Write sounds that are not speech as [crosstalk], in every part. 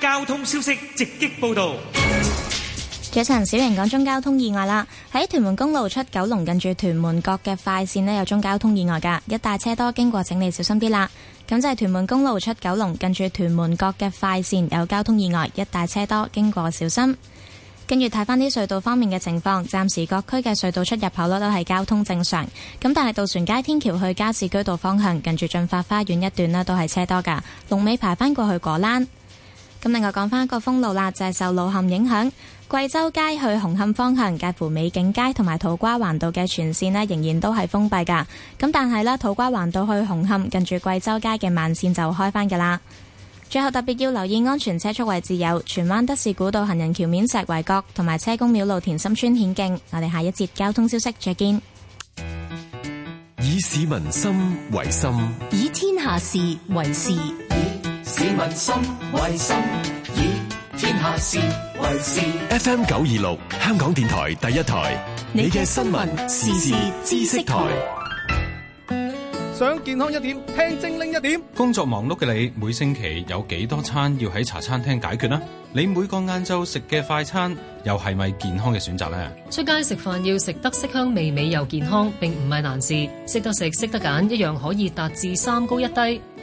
交通消息直擊報道。早晨小瑩講中交通意外啦，喺屯門公路出九龍近住屯門角嘅快線呢，有中交通意外噶，一帶車多，經過請你小心啲啦。咁就係屯門公路出九龍近住屯門角嘅快線有交通意外，一帶車多，經過小心。跟住睇翻啲隧道方面嘅情況，暫時各區嘅隧道出入口咧都係交通正常。咁但係渡船街天橋去加士居道方向近住駿發花園一段咧都係車多噶，龍尾排翻過去果欄。咁另外講翻個封路啦，就係、是、受路陷影響，貴州街去紅磡方向介乎美景街同埋土瓜環道嘅全線呢，仍然都係封閉噶。咁但係呢，土瓜環道去紅磡近住貴州街嘅慢線就開返噶啦。最後特別要留意安全車速位置，有荃灣德士古道行人橋面石圍角同埋車公廟路田心村顯徑。我哋下一節交通消息再見。以市民心為心，以天下事為事。市民心為心，以天下事為事。FM 九二六，香港電台第一台，你嘅新聞時事知識台。想健康一點，聽精靈一點。工作忙碌嘅你，每星期有幾多餐要喺茶餐廳解決呢？你每個晏晝食嘅快餐，又係咪健康嘅選擇呢？出街食飯要食得色香味美又健康，並唔係難事。識得食，識得揀，一樣可以達至三高一低。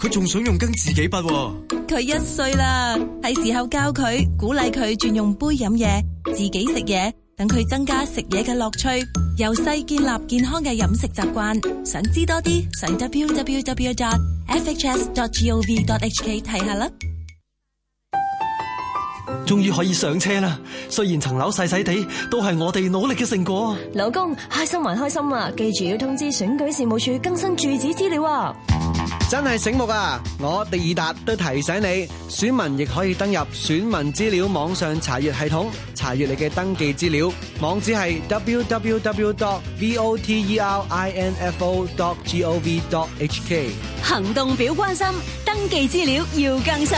佢仲想用跟自己筆，佢一歲啦，係時候教佢，鼓勵佢轉用杯飲嘢，自己食嘢，等佢增加食嘢嘅樂趣，由細建立健康嘅飲食習慣。想知多啲，上 w w w dot f h s dot g o v dot h k 睇下啦。終於可以上車啦！雖然層樓細細哋，都係我哋努力嘅成果。老公，開心還開心啊！記住要通知選舉事務處更新住址資料啊！真係醒目啊！我第二達都提醒你，選民亦可以登入選民資料網上查閱系統，查閱你嘅登記資料。網址係 www.dot.voterinfo.dot.gov.dot.hk。行動表關心，登記資料要更新。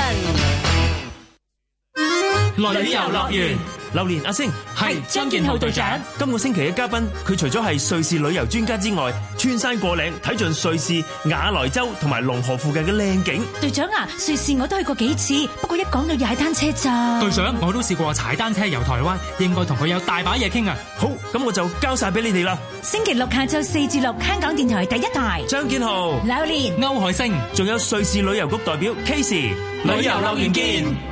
旅遊樂園，榴蓮阿星係張建浩隊長。今個星期嘅嘉賓，佢除咗係瑞士旅遊專家之外，穿山過嶺睇盡瑞士瓦萊州同埋龍河附近嘅靚景。隊長啊，瑞士我都去過幾次，不過一講到踩單車咋。隊長，我都試過踩單車遊台灣，應該同佢有大把嘢傾啊！好，咁我就交晒俾你哋啦。星期六下晝四至六，香港電台第一台，張建浩、榴蓮、歐海星，仲有瑞士旅遊局代表 Casey，旅遊樂園見。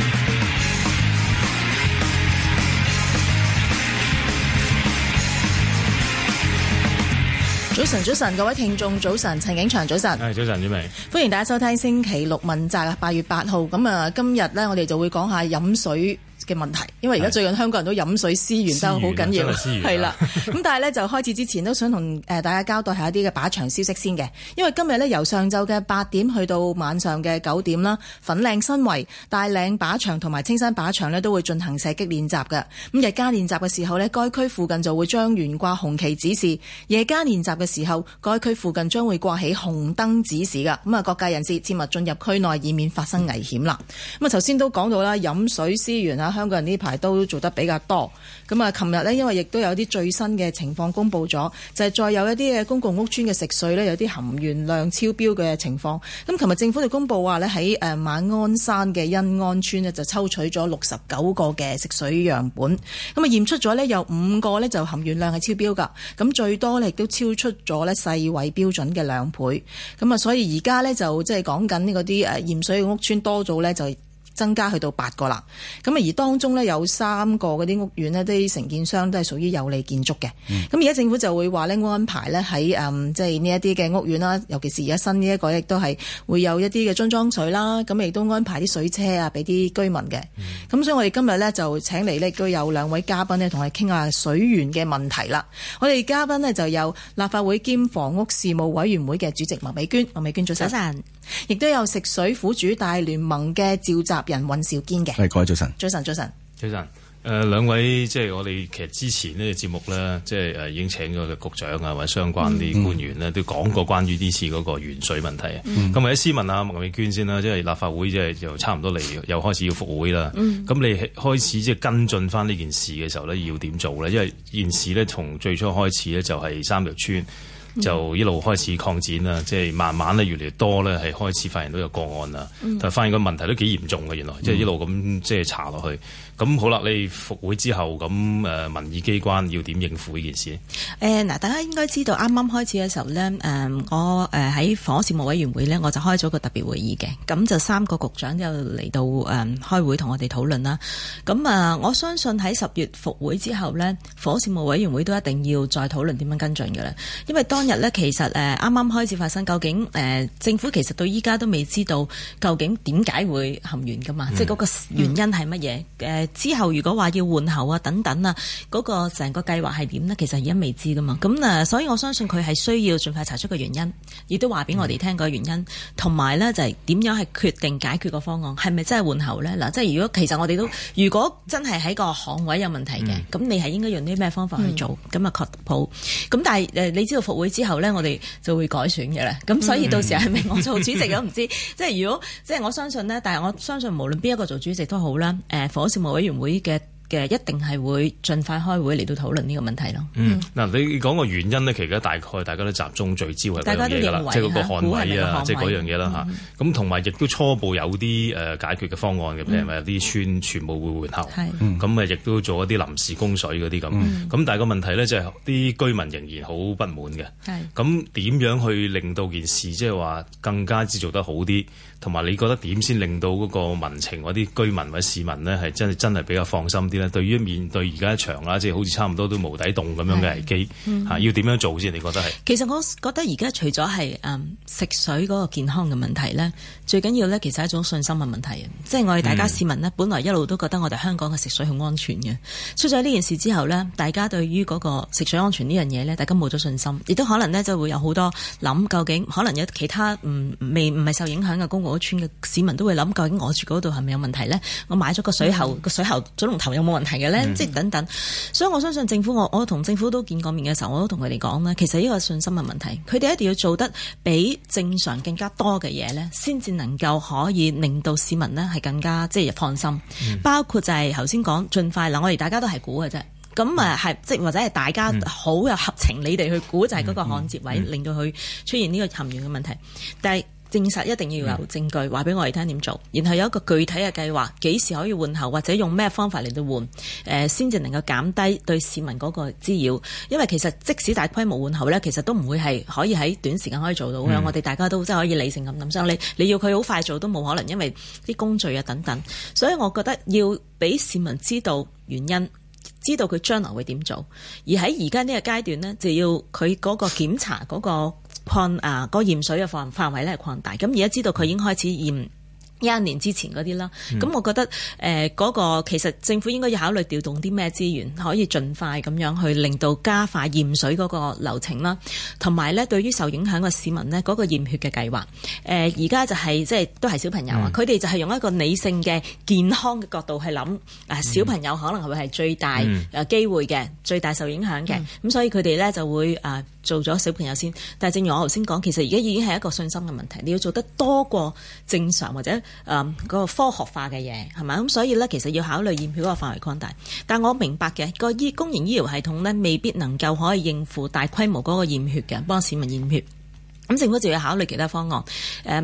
早晨，早晨，各位聽眾早晨，陳景祥，早晨，係早晨，歡迎大家收聽星期六問責啊，八月八號。咁啊，今日咧，我哋就會講下飲水嘅問題，因為而家最近香港人都飲水思源都好緊要，係啦。咁但係呢，就開始之前都想同誒大家交代下一啲嘅靶場消息先嘅，因為今日呢，由上晝嘅八點去到晚上嘅九點啦，粉嶺新圍、大嶺靶場同埋青山靶場呢，都會進行射擊練習嘅。咁日間練習嘅時候呢，該區附近就會將懸掛紅旗指示；夜間練習嘅時候，該區附近將會掛起紅燈指示㗎。咁啊，各界人士切勿進入區內，以免發生危險啦。咁啊，頭先都講到啦，飲水思源啊。香港人呢排都做得比較多，咁啊，琴日呢，因為亦都有啲最新嘅情況公布咗，就係再有一啲嘅公共屋邨嘅食水呢，有啲含鉛量超標嘅情況。咁琴日政府就公布話呢，喺誒馬鞍山嘅欣安邨呢，就抽取咗六十九個嘅食水樣本，咁啊驗出咗呢有五個呢，就含鉛量係超標噶，咁最多呢，亦都超出咗呢世衛標準嘅兩倍。咁啊，所以而家呢，就即係講緊呢個啲誒驗水嘅屋邨多咗呢，就。增加去到八個啦，咁啊而當中呢，有三個嗰啲屋苑呢，啲承建商都係屬於有利建築嘅。咁而家政府就會話呢，安排呢喺誒即係呢一啲嘅屋苑啦，尤其是而家新呢、這、一個亦都係會有一啲嘅樽裝水啦，咁亦都安排啲水車啊俾啲居民嘅。咁、嗯、所以我哋今日呢，就請嚟呢，都有兩位嘉賓呢，同我哋傾下水源嘅問題啦。我哋嘉賓呢，就有立法會兼房屋事務委員會嘅主席麥美娟，麥美娟，早晨上。早亦都有食水苦主大聯盟嘅召集人尹兆堅嘅，係各位早晨，早晨，早晨，早晨，早、呃、晨。誒，兩位即係我哋其實之前呢個節目咧，即係誒已經請咗個局長啊，或者相關啲官員咧，嗯嗯、都講過關於呢次嗰個鉛水問題。咁或者試問下麥美娟先啦，即係立法會即係又差唔多嚟，又開始要復會啦。咁、嗯、你開始即係跟進返呢件事嘅時候咧，要點做咧？因為件事咧從最初開始咧就係三條村。就一路開始擴展啦，即係慢慢咧越嚟越多咧，係開始發現到有個案啦，嗯、但係發現個問題都幾嚴重嘅，原來即係一路咁即係查落去。咁好啦，你復會之後咁誒，民意機關要點應付呢件事？誒嗱、呃，大家應該知道啱啱開始嘅時候呢，誒、呃、我誒喺房屋事務委員會呢，我就開咗個特別會議嘅，咁就三個局長又嚟到誒、呃、開會同我哋討論啦。咁啊、呃，我相信喺十月復會之後呢，房屋事務委員會都一定要再討論點樣跟進嘅啦。因為當日呢，其實誒啱啱開始發生，究竟誒、呃、政府其實到依家都未知道究竟點解會含鉛噶嘛，嗯、即係嗰個原因係乜嘢？之後如果話要換喉啊等等啊，嗰、那個成個計劃係點呢？其實而家未知噶嘛。咁啊，所以我相信佢係需要盡快查出個原因，亦都話俾我哋聽個原因，同埋、嗯、呢，就係點樣係決定解決個方案，係咪真係換喉呢？嗱，即係如果其實我哋都，如果真係喺個行位有問題嘅，咁、嗯、你係應該用啲咩方法去做？咁啊確保。咁但係你知道復會之後呢，我哋就會改選嘅啦。咁所以到時係咪我做主席都唔知、嗯 [laughs] 即？即係如果即係我相信呢，但係我相信無論邊一個做主席都好啦、呃。火委員會嘅嘅一定係會盡快開會嚟到討論呢個問題咯。嗯，嗱、嗯、你講個原因呢，其實大概大家都集中聚焦喎，大家都認為即係嗰個旱位啊，即係嗰樣嘢啦吓。咁同埋亦都初步有啲誒解決嘅方案嘅，譬如話有啲村全部會換喉，咁啊亦都做一啲臨時供水嗰啲咁。咁、嗯嗯、但係個問題呢，就係啲居民仍然好不滿嘅。係咁點樣去令到件事即係話更加之做得好啲？同埋，你覺得點先令到嗰個民情，啲居民或者市民咧，係真係真係比較放心啲咧？對於面對而家一場啦，即係好似差唔多都無底洞咁樣嘅危機，嗯、要點樣做先？你覺得係，其實我覺得而家除咗係誒食水嗰個健康嘅問題咧，最緊要咧，其實係一種信心嘅問題，即係我哋大家市民咧，嗯、本來一路都覺得我哋香港嘅食水好安全嘅。出咗呢件事之後咧，大家對於嗰個食水安全呢樣嘢咧，大家冇咗信心，亦都可能咧，就會有好多諗，究竟，可能有其他唔未唔係受影響嘅公共。我村嘅市民都會諗，究竟我住嗰度係咪有問題呢？我買咗個水喉，個、嗯、水喉水龍頭有冇問題嘅呢？即係、嗯、等等，所以我相信政府，我我同政府都見過面嘅時候，我都同佢哋講咧，其實呢個信心嘅問題，佢哋一定要做得比正常更加多嘅嘢呢，先至能夠可以令到市民呢係更加即係、就是、放心。嗯、包括就係頭先講，儘快嗱，我哋大家都係估嘅啫，咁啊係即或者係大家好有合情，嗯、你哋去估就係嗰個焊接位、嗯嗯、令到佢出現呢個含鉛嘅問題，但係。證實一定要有證據，話俾 No. 我哋聽點做，然後有一個具體嘅計劃，幾時可以換喉，或者用咩方法嚟到換，呃、先至能夠減低對市民嗰個滋擾。因為其實即使大規模換喉咧，其實都唔會係可以喺短時間可以做到，mm. 我哋大家都真係可以理性咁諗，所以你你要佢好快做都冇可能，因為啲工序啊等等。所以我覺得要俾市民知道原因，知道佢將來會點做。而喺而家呢個階段呢，就要佢嗰個檢查嗰、嗰個。擴啊，個驗水嘅範範圍咧係擴大，咁而家知道佢已經開始驗。一一年之前嗰啲啦，咁我覺得誒嗰、嗯呃嗰個其實政府應該要考慮調動啲咩資源，可以盡快咁樣去令到加快驗水嗰個流程啦。同埋咧，對於受影響嘅市民呢，嗰、嗰個驗血嘅計劃誒，而、呃、家就係、係、即係都係小朋友啊，佢哋、嗯、就係用一個理性嘅健康嘅角度去諗，嗯、小朋友可能係會係最大誒機會嘅，嗯、最大受影響嘅，咁、嗯、所以佢哋咧就會誒做咗小朋友先。但正如我頭先講，其實而家已經係一個信心嘅問題，你要做得多過正常或者。誒個科學化嘅嘢係咪？咁，所以咧其實要考慮驗血嗰個範圍擴大。但我明白嘅個醫公營醫療系統咧，未必能夠可以應付大規模嗰個驗血嘅，幫市民驗血。咁政府就要考慮其他方案。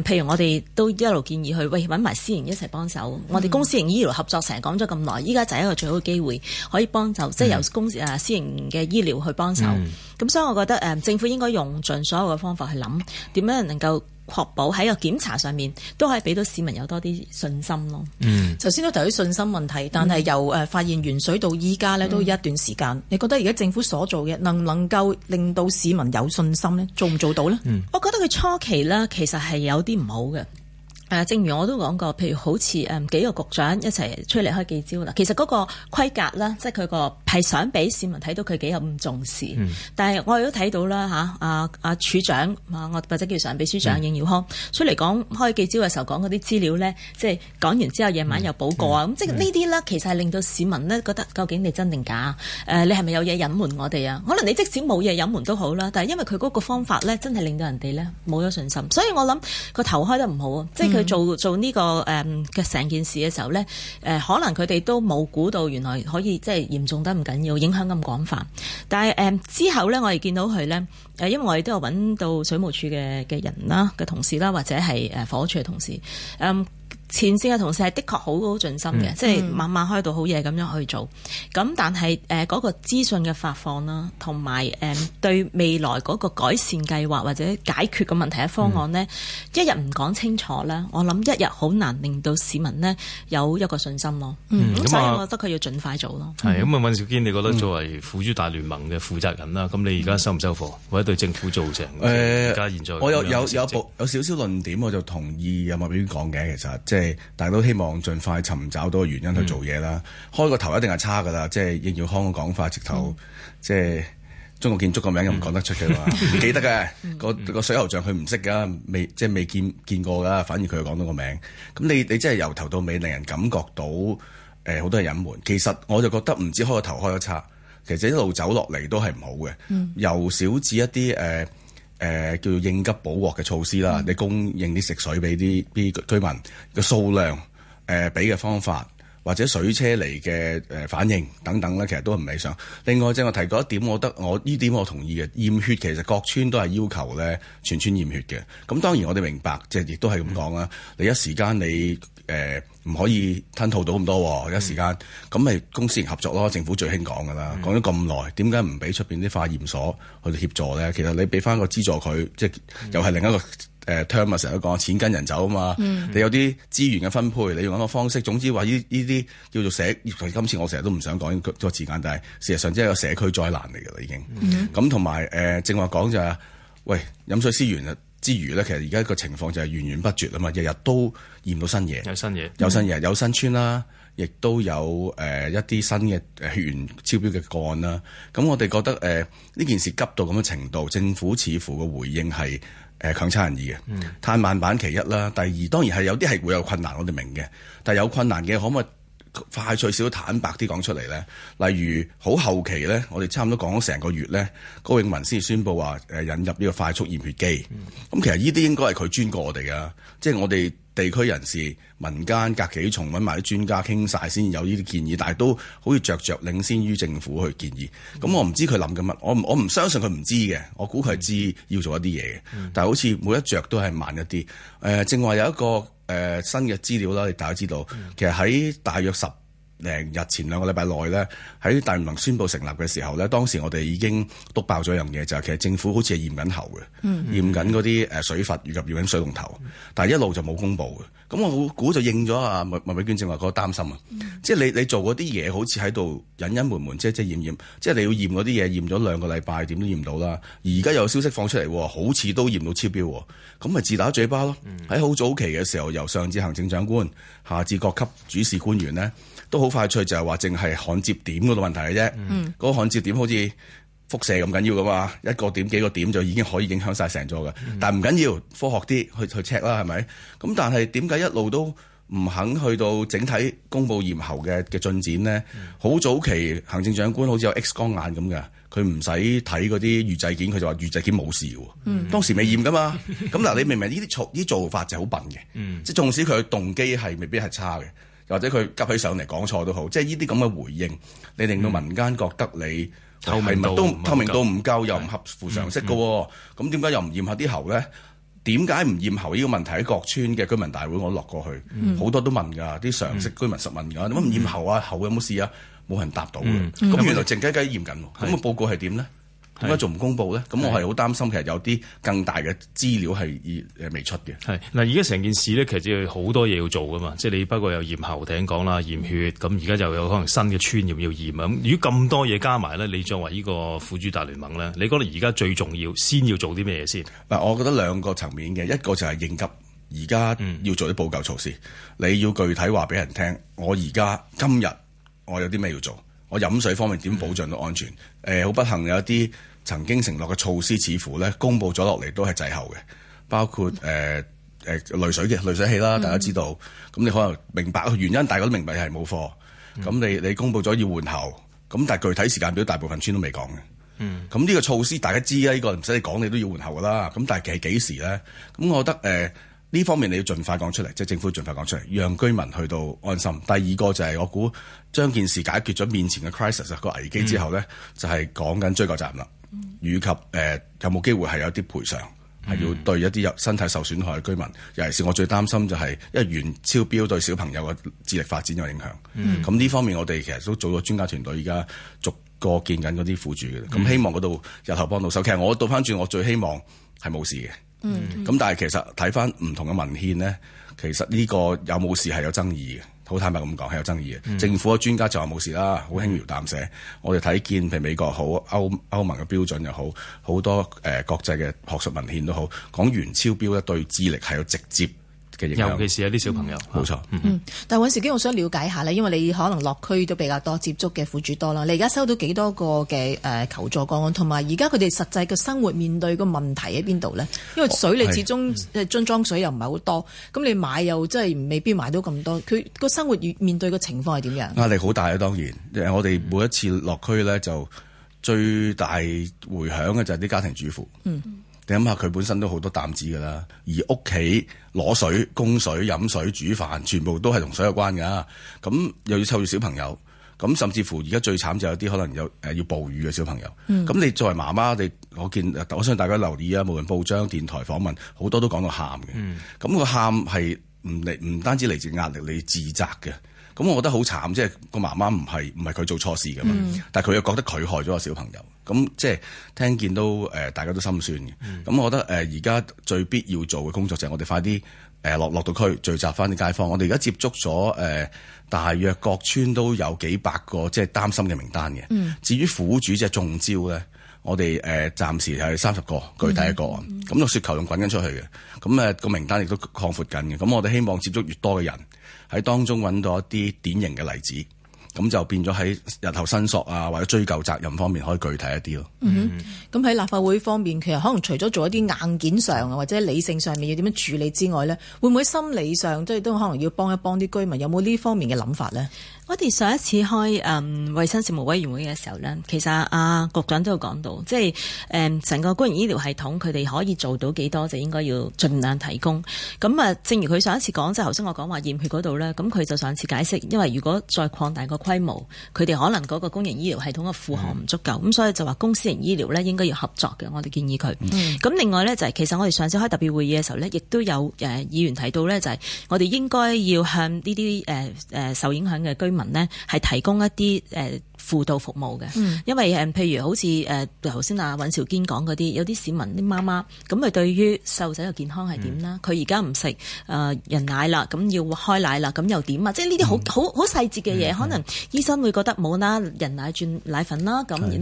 誒，譬如我哋都一路建議去喂揾埋私營一齊幫手。嗯、我哋公私營醫療合作成日講咗咁耐，依家就係一個最好嘅機會，可以幫手，即、就、係、係、由公誒私、嗯、私營嘅醫療去幫手。咁、嗯、所以我覺得誒，政府應該用盡所有嘅方法去諗點樣能夠。確保喺個檢查上面都可以俾到市民有多啲信心咯。嗯，頭先都提到信心問題，但係由誒發現原水到依家咧都一段時間，嗯、你覺得而家政府所做嘅能唔能夠令到市民有信心咧？做唔做到咧？嗯，我覺得佢初期咧其實係有啲唔好嘅。誒，正如我都講過，譬如好似誒幾個局長一齊出嚟開記招啦，其實嗰個規格咧，即係佢、個係想俾市民睇到佢幾有咁重視。嗯、但係我亦都睇到啦吓，阿、啊、阿、啊、處長啊或者叫常秘書長應耀康出嚟講開記招嘅時候講嗰啲資料咧，即係講完之後夜晚又補過啊，咁、嗯嗯、即係呢啲咧其實係令到市民咧覺得究竟你真定假？誒，你係咪有嘢隱瞞我哋啊？可能你即使冇嘢隱瞞都好啦，但係因為佢嗰個方法咧，真係令到人哋咧冇咗信心，所以我諗個頭開得唔好啊，即去做做呢、這個誒嘅成件事嘅時候咧，誒、呃、可能佢哋都冇估到原來可以即係嚴重得唔緊要，影響咁廣泛。但係誒、嗯、之後咧，我哋見到佢咧，誒因為我哋都有揾到水務署嘅嘅人啦，嘅同事啦，或者係誒火處嘅同事，嗯。前線嘅同事係的確好盡心嘅，嗯、即係晚晚開到好夜咁樣去做。咁但係誒嗰個資訊嘅發放啦，同埋誒對未來嗰個改善計劃或者解決嘅問題嘅方案呢，嗯、一日唔講清楚咧，我諗一日好難令到市民呢有一個信心咯。咁、嗯、所以我覺得佢要盡快做咯。咁啊、嗯，尹兆堅，你覺得作為苦主大聯盟嘅負責人啦，咁、嗯、你而家收唔收貨，或者對政府造成？而家、欸、現在，現在我有有有部有少少論點，我就同意阿麥表講嘅，其實誒，大家都希望盡快尋找到個原因去做嘢啦。嗯、開個頭一定係差噶啦，即係應耀康個講法，直頭、嗯、即係中國建築個名又唔講得出嘅嘛，唔、嗯、 [laughs] 記得嘅，個水喉像佢唔識噶，未即係未見見過噶，反而佢又講到個名。咁你你真係由頭到尾令人感覺到誒好、呃、多隱瞞。其實我就覺得唔知開個頭開得差，其實一路走落嚟都係唔好嘅，嗯、由小至一啲誒。呃誒叫應急補鑊嘅措施啦，嗯、你供應啲食水俾啲啲居民嘅數量，誒俾嘅方法或者水車嚟嘅反應等等咧，其實都唔理想。另外，正我提過一點，我覺得我呢點我同意嘅驗血，其實各村都係要求咧全村驗血嘅。咁當然我哋明白，即係亦都係咁講啦。嗯、你一時間你。誒唔、呃、可以吞吐到咁多喎，哦，一時間咁咪公私合作咯，政府最興講㗎啦，講咗咁耐，點解唔俾出面啲化驗所去協助咧？其實你俾翻個資助佢，即係又係另一個誒 term，呃、啊！成日都講錢跟人走啊嘛，你有啲資源嘅分配，你用嗰個方式，總之話呢呢啲叫做社，因今次我成日都唔想講呢個字眼，但係事實上即係個社區災難嚟㗎啦，已經。咁同埋誒，正話講就係，喂飲水思源啊！之餘咧，其實而家個情況就係源源不絕啊嘛，日日都驗到新嘢，有新嘢，有新嘢，嗯、有新村啦，亦都有誒一啲新嘅鉛超標嘅個案啦。咁我哋覺得誒呢、呃、件事急到咁嘅程度，政府似乎個回應係誒、呃、強差人意嘅，嘆慢、嗯、板其一啦。第二當然係有啲係會有困難，我哋明嘅，但係有困難嘅可唔可以？快脆少坦白啲講出嚟咧，例如好後期咧，我哋差唔多講咗成個月咧，高永文先宣布話誒引入呢個快速驗血機。咁、嗯、其實呢啲應該係佢專過我哋噶，即係我哋地區人士、民間隔幾重揾埋啲專家傾晒先有呢啲建議，但係都好似着着領先於政府去建議。咁、嗯、我唔知佢諗緊乜，我我唔相信佢唔知嘅，我估佢係知要做一啲嘢嘅。嗯、但係好似每一着都係慢一啲。誒、呃，正話有一個。誒、呃、新嘅資料啦，大家知道，嗯、其實喺大約十零日前兩個禮拜內咧，喺大聯盟宣布成立嘅時候咧，當時我哋已經督爆咗一樣嘢，就係、是、其實政府好似係驗緊喉嘅，嗯嗯、驗緊嗰啲誒水閥以及驗緊水龍頭，但係一路就冇公布嘅。咁我估就應咗啊！麥麥美娟正話嗰個擔心啊，嗯、即係你你做嗰啲嘢，好似喺度隱隱瞞瞞，遮遮掩掩，即係你要驗嗰啲嘢，驗咗兩個禮拜，點都驗唔到啦。而家有消息放出嚟，好似都驗到超標，咁咪自打嘴巴咯。喺好、嗯、早期嘅時候，由上至行政長官，下至各級主事官員咧，都好快脆就係話，淨係焊接點嗰個問題嘅啫。嗰焊、嗯、接點好似。輻射咁緊要噶嘛？一個點幾個點就已經可以影響晒成座嘅，但係唔緊要，科學啲去去 check 啦，係咪？咁但係點解一路都唔肯去到整體公布驗喉嘅嘅進展咧？好早期行政長官好似有 X 光眼咁嘅，佢唔使睇嗰啲預製件，佢就話預製件冇事喎。嗯、當時未驗噶嘛？咁嗱，你明唔明呢啲呢啲做法就好笨嘅？即係縱使佢嘅動機係未必係差嘅，或者佢急起上嚟講錯都好，即係呢啲咁嘅回應，你令到民間覺得你。透明度都透明度唔夠，對又唔合乎常識嘅，咁點解又唔驗下啲喉咧？點解唔驗喉呢個問題喺各村嘅居民大會，我落過去好、嗯、多都問㗎，啲常識居民實問㗎，點解唔驗喉啊？嗯、喉有冇事啊？冇人答到㗎。咁、嗯嗯、原來靜雞雞驗緊，咁個報告係點咧？點解仲唔公布咧？咁是我係好擔心，其實有啲更大嘅資料係未出嘅。係嗱，而家成件事咧，其實好多嘢要做噶嘛。即係你不過有驗喉艇，聽講啦，驗血，咁而家就有可能新嘅村要驗啊。咁如果咁多嘢加埋咧，你作為呢個苦主大聯盟咧，你覺得而家最重要先要做啲咩嘢先？嗱，我覺得兩個層面嘅，一個就係應急，而家要做啲補救措施。你要具體話俾人聽，我而家今日我有啲咩要做。我飲水方面點保障到安全？誒、嗯，好、呃、不幸有一啲曾經承諾嘅措施，似乎咧公佈咗落嚟都係滯後嘅，包括誒誒濾水嘅濾水器啦。嗯、大家知道咁，你可能明白原因，大家都明白係冇貨咁。你你公佈咗要換喉，咁，但係具體時間表大部分村都未講嘅。嗯，咁呢個措施大家知啊呢、呢個唔使你講，你都要換喉㗎啦。咁但係其實幾時咧？咁我覺得誒。呃呢方面你要盡快講出嚟，即係政府盡快講出嚟，讓居民去到安心。第二個就係、是、我估將件事解決咗面前嘅 crisis 個、嗯、危機之後咧，就係講緊追究責任啦，嗯、以及誒、呃、有冇機會係有啲賠償，係、嗯、要對一啲有身體受損害嘅居民。尤其是我最擔心就係、是、因為鉛超標對小朋友嘅智力發展有影響。咁呢、嗯、方面我哋其實都做咗專家團隊，而家逐個見緊嗰啲苦主嘅，咁、嗯、希望嗰度日後幫到手。其實我倒翻轉，我最希望係冇事嘅。嗯，咁但係其實睇返唔同嘅文獻咧，其實呢個有冇事係有爭議嘅，好坦白咁講係有爭議嘅。政府嘅專家就話冇事啦，好輕描淡寫。嗯、我哋睇見譬如美國好，歐歐盟嘅標準又好，好多誒、呃、國際嘅學術文獻都好，講鉛超標對智力係有直接。尤其是有啲小朋友，冇錯、嗯。錯嗯，但係揾時間我想了解下咧，因為你可能落區都比較多接觸嘅苦主多啦。你而家收到幾多個嘅誒求助個案，同埋而家佢哋實際嘅生活面對個問題喺邊度咧？因為水你、哦、始終樽裝水又唔係好多，咁、嗯、你買又真係未必買到咁多。佢個生活面面對嘅情況係點樣？壓力好大啊！當然，我哋每一次落區咧就最大回響嘅就係啲家庭主婦。嗯。你諗下佢本身都好多擔子㗎啦，而屋企攞水、供水、飲水、煮飯，全部都係同水有關㗎。咁又要湊住小朋友，咁甚至乎而家最慘就有啲可能有要哺乳嘅小朋友。咁、嗯、你作為媽媽，你我見我相信大家留意啊，無論報章、電台訪問，好多都講到喊嘅。咁個喊係唔嚟唔單止嚟自壓力，你自責嘅。咁我覺得好慘，即係個媽媽唔係唔係佢做錯事㗎嘛，嗯、但係佢又覺得佢害咗個小朋友，咁即係聽見都誒，大家都心酸嘅。咁我、嗯、覺得誒，而家最必要做嘅工作就係我哋快啲誒落落到區聚集返啲街坊。我哋而家接觸咗誒、呃、大約各村都有幾百個即係擔心嘅名單嘅。嗯、至於苦主即係、就是、中招呢，我哋誒暫時係三十個具體嘅個案。咁個、嗯嗯、雪球仲滾緊出去嘅，咁誒個名單亦都擴闊緊嘅。咁我哋希望接觸越多嘅人。喺當中揾到一啲典型嘅例子，咁就變咗喺日後申索啊，或者追究責任方面可以具體一啲咯。嗯，咁喺立法會方面，其實可能除咗做一啲硬件上啊，或者理性上面要點樣處理之外咧，會唔會心理上即係都可能要幫一幫啲居民？有冇呢方面嘅諗法咧？我哋上一次開誒衛、嗯、生事務委員會嘅時候呢，其實阿、啊、局長都有講到，即係誒成個公營醫療系統佢哋可以做到幾多就應該要盡量提供。咁啊，正如佢上一次講，就頭先我講話驗血嗰度呢，咁佢就上一次解釋，因為如果再擴大個規模，佢哋可能嗰個公營醫療系統嘅負荷唔足夠，咁、嗯、所以就話公私營醫療呢，應該要合作嘅。我哋建議佢。咁、嗯、另外呢，就係、是、其實我哋上次開特別會議嘅時候呢，亦都有誒、呃、議員提到呢，就係、是、我哋應該要向呢啲、呃呃、受影響嘅居民。民咧係提供一啲誒。輔導服務嘅，因為譬如好似誒，頭先阿尹兆堅講嗰啲，有啲市民啲媽媽咁，佢對於細路仔嘅健康係點啦？佢而家唔食誒人奶啦，咁要開奶啦，咁又點啊？嗯、即係呢啲好好好細節嘅嘢，嗯、可能醫生會覺得冇啦，人奶轉奶粉啦咁，但係、嗯、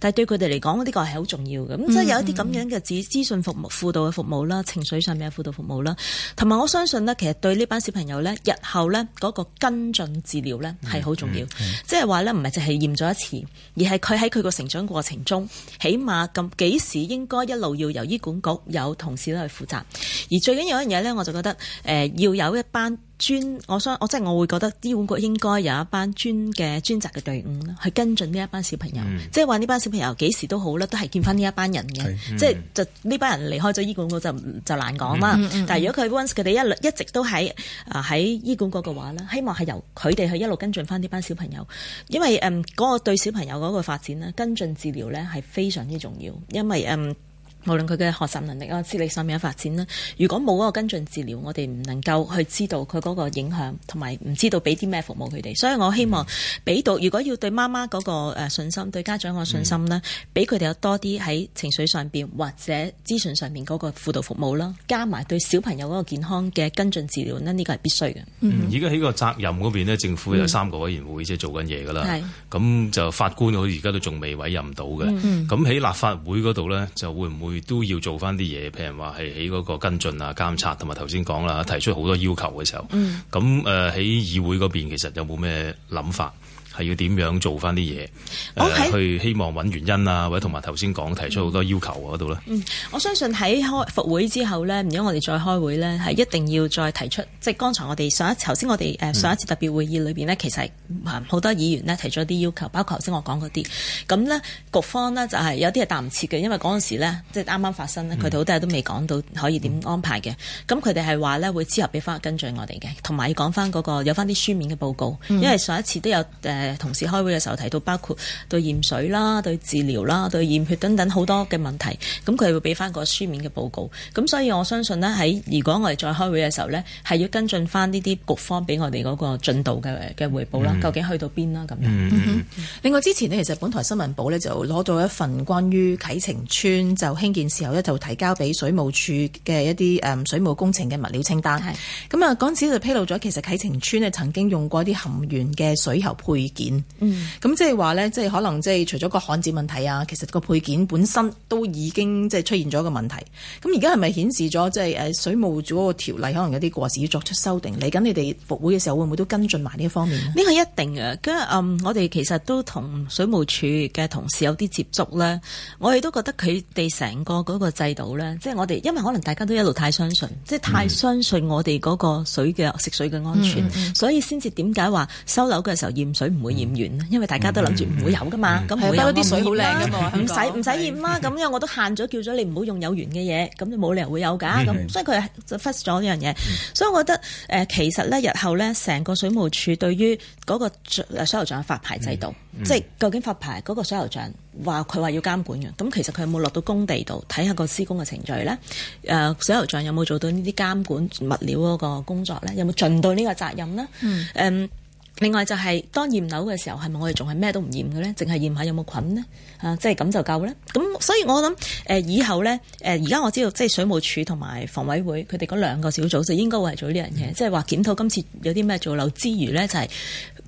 但係、嗯、對佢哋嚟講，呢、呢個係好重要嘅。咁即係有一啲咁樣嘅資資訊服務輔導嘅服務啦，情緒上面嘅輔導服務啦，同埋我相信呢，其實對呢班小朋友呢，日後呢嗰個跟進治療呢，係好重要，嗯嗯、即係話呢，唔係淨係。驗咗一次，而係佢喺佢個成長過程中，起碼咁幾時應該一路要由醫管局有同事咧去負責，而最緊要一樣嘢咧，我就覺得誒、呃，要有一班。專，我想我即係我會覺得醫管局應該有一班專嘅專責嘅隊伍去跟進呢一班小朋友。嗯、即係話呢班小朋友幾時都好啦，都係見翻呢一班人嘅。是嗯、即係就呢班人離開咗醫管局就就難講啦。嗯嗯嗯、但係如果佢 once 佢哋一一直都喺啊喺醫管局嘅話咧，希望係由佢哋去一路跟進翻呢班小朋友，因為嗯嗰、嗰個對小朋友嗰個發展咧，跟進治療咧係非常之重要，因為嗯。無論佢嘅學習能力啊、智力上面嘅發展咧，如果冇嗰個跟進治療，我哋唔能夠去知道佢嗰個影響，同埋唔知道俾啲咩服務佢哋。所以我希望俾到，嗯、如果要對媽媽嗰個信心，對家長個信心呢，俾佢哋有多啲喺情緒上邊或者諮詢上面嗰個輔導服務啦，加埋對小朋友嗰個健康嘅跟進治療呢，呢、呢個係必須嘅。而家喺個責任嗰邊咧，政府有三個委員會、嗯、即係做緊嘢㗎啦。係是，咁就法官佢而家都仲未委任到嘅。嗯咁喺立法會嗰度呢，就會唔會？都要做翻啲嘢，譬如話係喺嗰個跟進啊、監察，同埋頭先講啦，提出好多要求嘅時候，咁誒、嗯，喺、呃、議會嗰邊其實有冇咩諗法？係要點樣做翻啲嘢？我 Okay.、呃、去希望揾原因啊，或者同埋頭先講提出好多要求嗰度、嗯、呢。嗯，我相信喺開復會之後呢，如果我哋再開會呢，係一定要再提出。即、就、係、是、剛才我哋上一頭先我哋上一次特別會議裏面呢，嗯、其實好多議員呢提咗啲要求，包括頭先我講嗰啲。咁呢，局方呢、就是，就係有啲係答唔切嘅，因為嗰陣時呢，即係啱啱發生呢，佢哋好多日都未講到可以點安排嘅。咁佢哋係話呢，會之後俾翻跟進我哋嘅，同埋講翻嗰個有翻啲書面嘅報告，嗯、因為上一次都有、呃誒同事開會嘅時候提到，包括對驗水啦、對治療啦、對驗血等等好多嘅問題，咁佢會會俾翻個書面嘅報告。咁所以我相信呢，喺如果我哋再開會嘅時候呢，係要跟進翻呢啲局方俾我哋嗰個進度嘅嘅回報啦，究竟去到邊啦咁樣。另外之前呢，其實本台新聞部呢就攞到一份關於啟晴邨就興建時候呢，就提交俾水務處嘅一啲誒水務工程嘅物料清單。咁啊是，當時就披露咗其實啟晴邨呢曾經用過一啲含鉛嘅水喉配件，咁、嗯、即係話咧，即係可能即係除咗個焊接問題啊，其實個配件本身都已經即係出現咗個問題。咁而家係咪顯示咗即係誒水務署嗰個條例可能有啲過時，要作出修訂？嚟緊你哋復會嘅時候，會唔會都跟進埋呢一方面呢？呢個一定啊。咁我哋其實都同水務署嘅同事有啲接觸咧，我哋都覺得佢哋成個嗰個制度咧，即係我哋因為可能大家都一路太相信，即係太相信我哋嗰個水嘅、嗯、食水嘅安全，嗯嗯、所以先至點解話收樓嘅時候驗水唔唔會驗完，因為大家都諗住唔會有噶嘛。咁港，係得嗰啲水好靚噶嘛，唔使唔使驗啦，咁樣我都限咗叫咗你唔好用有鉛嘅嘢，咁你冇理由會有噶。咁、嗯、所以佢就忽咗呢樣嘢。嗯、所以我覺得、呃、其實咧，日後咧，成個水務署對於嗰個水喉匠嘅發牌制度，嗯嗯、即究竟發牌嗰個水喉匠話佢話要監管嘅，咁其實佢有冇落到工地度睇下個施工嘅程序咧、呃？水喉匠有冇做到呢啲監管物料嗰個工作咧？有冇盡到呢個責任咧？嗯嗯另外就係、是、當驗樓嘅時候，係咪我哋仲係咩都唔驗嘅咧？淨係驗下有冇菌呢？啊，即係咁就，是、就夠咧。咁所以我諗誒、呃，以後咧誒，而、呃、家我知道即係水務署同埋房委會佢哋嗰兩個小組就應該會係做呢樣嘢，即係話檢討今次有啲咩做漏之餘咧，就係、是、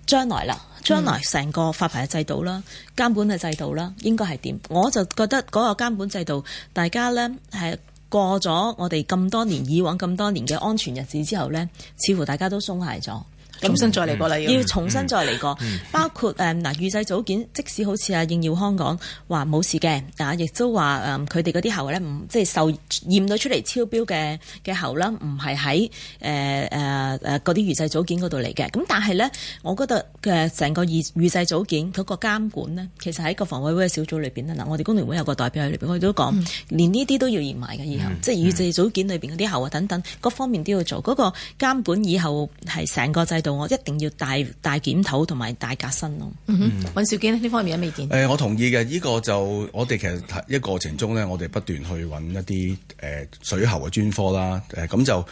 將來啦，將來成個發牌嘅制度啦、監管嘅制度啦，應該係點？我就覺得嗰個監管制度，大家咧係過咗我哋咁多年以往咁多年嘅安全日子之後咧，似乎大家都鬆懈咗。重新再嚟過，你要重新再嚟過，嗯嗯、包括誒嗱預製組件，即使好似阿應耀康講話冇事嘅，嗱亦都話誒佢哋嗰啲喉咧，唔、呃、即係受驗到出嚟超標嘅嘅喉啦，唔係喺誒誒誒嗰啲預製組件嗰度嚟嘅。咁但係咧，我覺得嘅成個預預製組件嗰個監管咧，其實喺個房委會嘅小組裏邊咧，嗱，我哋工聯會有個代表喺裏邊，我都講連呢啲都要驗埋嘅，以後，嗯嗯、即係預製組件裏邊嗰啲喉啊等等各方面都要做，嗰、嗰個監管以後係成個制度。我一定要大大檢討同埋大革新咯。尹兆堅呢方面有咩意見？誒、呃，我同意嘅。呢、這個就我哋其實一過程中咧，我哋不斷去揾一啲、呃、水喉嘅專科啦。誒、呃、咁就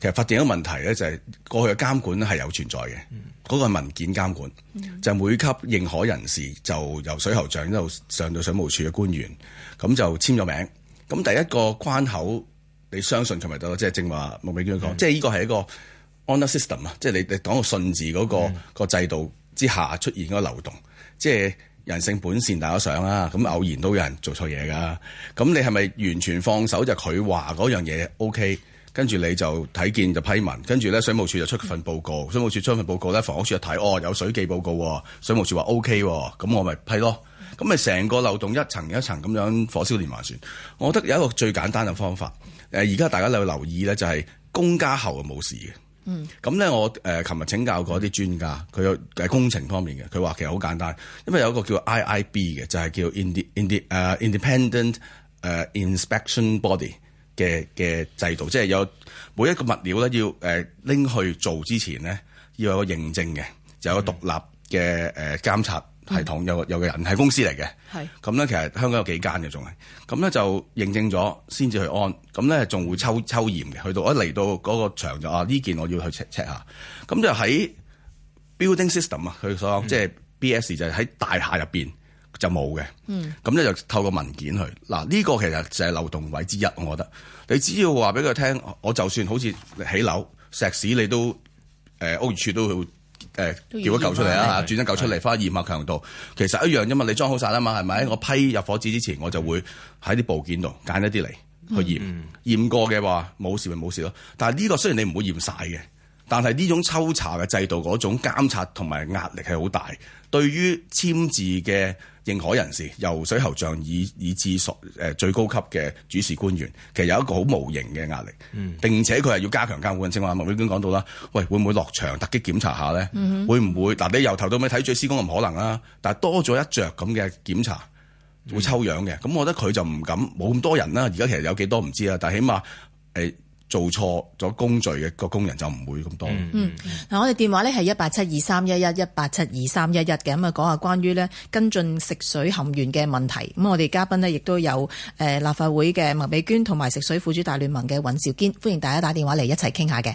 其實發現一個問題咧、就是，就係過去嘅監管係有存在嘅。嗰、嗯、個文件監管、嗯、就每級認可人士就由水喉長一路上到水務署嘅官員，咁就簽咗名。咁第一個關口，你相信佢咪得？就是嗯、即係正話，麥美娟講，即係呢個係一個。on system 啊，即係你你講、嗰個順字嗰個制度之下出現嗰個漏洞，即係人性本善，大家想啦，咁偶然都有人做錯嘢㗎。咁你係咪完全放手就佢話嗰樣嘢 OK，跟住你就睇見就批文，跟住咧水務署就出份報告，水務署出份報告咧，房屋署就睇哦有水記報告喎，水務署話 OK 喎，咁我咪批咯。咁咪成個漏洞一層一層咁樣火燒連環船。我覺得有一個最簡單嘅方法，誒而家大家有留意咧，就係公家喉冇事嘅。嗯，咁咧我誒琴日請教過啲專家，佢有係工程方面嘅，佢話其實好簡單，因為有一個叫 IIB 嘅，就係、是、叫 Indi, Indi, uh, Independent、uh, Inspection Body 嘅嘅制度，即係有每一個物料咧要誒拎、uh, 去做之前咧，要有個認證嘅，就有個獨立嘅誒監察。嗯系統有有個人係公司嚟嘅，咁咧是其實香港有幾間嘅仲係，咁咧就認證咗先至去安，咁咧仲會抽抽驗嘅，去到一嚟到嗰個場就啊呢件我要去 check check 下，咁就喺 building system 啊佢所、嗯、即係 B.S. 就喺大廈入面，就冇嘅，咁咧、嗯、就透過文件去嗱呢、啊呢個其實就係漏洞位之一，我覺得你只要話俾佢聽，我就算好似起樓石屎你都誒、呃、屋宇署都會。誒掉咗嚿出嚟啊，轉咗嚿出嚟，翻去驗下強度，其實一樣啫嘛，你裝好晒啊嘛，係咪？我批入伙紙之前，我就會喺啲部件度揀一啲嚟去驗，驗過嘅話冇事咪冇事咯。但係呢個雖然你唔會驗晒嘅，但係呢種抽查嘅制度嗰種監察同埋壓力係好大，對於簽字嘅。認可人士，由水喉匠以以至所誒最高級嘅主事官員，其實有一個好無形嘅壓力，並且佢係要加強監管。正話，麥美娟講到啦，喂，會唔會落場突擊檢查一下咧？嗯、哼會唔會嗱？你由頭到尾睇住施工，唔可能啦。但係多咗一隻咁嘅檢查，會抽樣嘅。咁、嗯、我覺得佢就唔敢，冇咁多人啦。而家其實有幾多唔知啦，但係起碼誒。欸做錯咗工序嘅個工人就唔會咁多。嗯嗯，嗱，我哋電話咧係一八七二三一一一八七二三一一嘅，咁啊講下關於呢跟進食水含鉛嘅問題。咁我哋嘉賓呢亦都有誒立法會嘅麥美娟同埋食水苦主大聯盟嘅尹兆堅，歡迎大家打電話嚟一齊傾下嘅。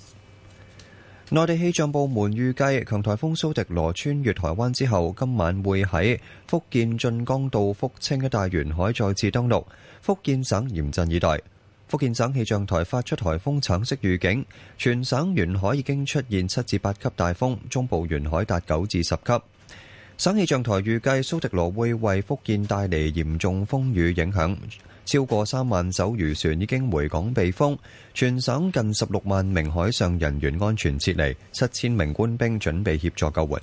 內地氣象部門預計，強颱風蘇迪羅穿越台灣之後，今晚會喺福建晉江到福清一帶沿海再次登陸。福建省嚴陣以待，福建省氣象台發出颱風橙色預警，全省沿海已經出現七至八級大風，中部沿海達九至十級。省氣象台預計，蘇迪羅會為福建帶嚟嚴重風雨影響。超過三萬艘漁船已經回港避風，全省近十六萬名海上人員安全撤離，七千名官兵準備協助救援。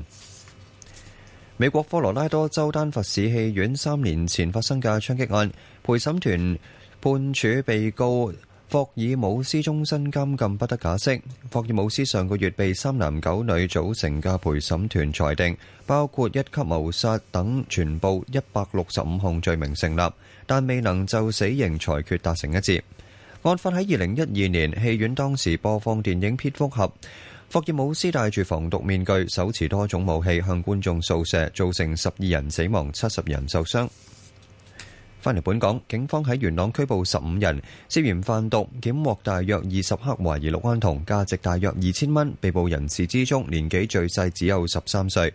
美國科羅拉多州丹佛市戲院三年前發生嘅槍擊案，陪審團判處被告霍爾姆斯終身監禁，不得假釋。霍爾姆斯上個月被三男九女組成嘅陪審團裁定，包括一級謀殺等全部一百六十五項罪名成立，但未能就死刑裁決達成一致。案發喺2012年，戲院當時播放電影《蝙蝠俠》，霍爾姆斯戴住防毒面具，手持多種武器向觀眾掃射，造成12人死亡、70人受傷。翻嚟本港，警方喺元朗拘捕15人，涉嫌販毒，檢獲大約20克懷疑氯胺酮，價值大約2000蚊。被捕人士之中，年紀最細只有13歲。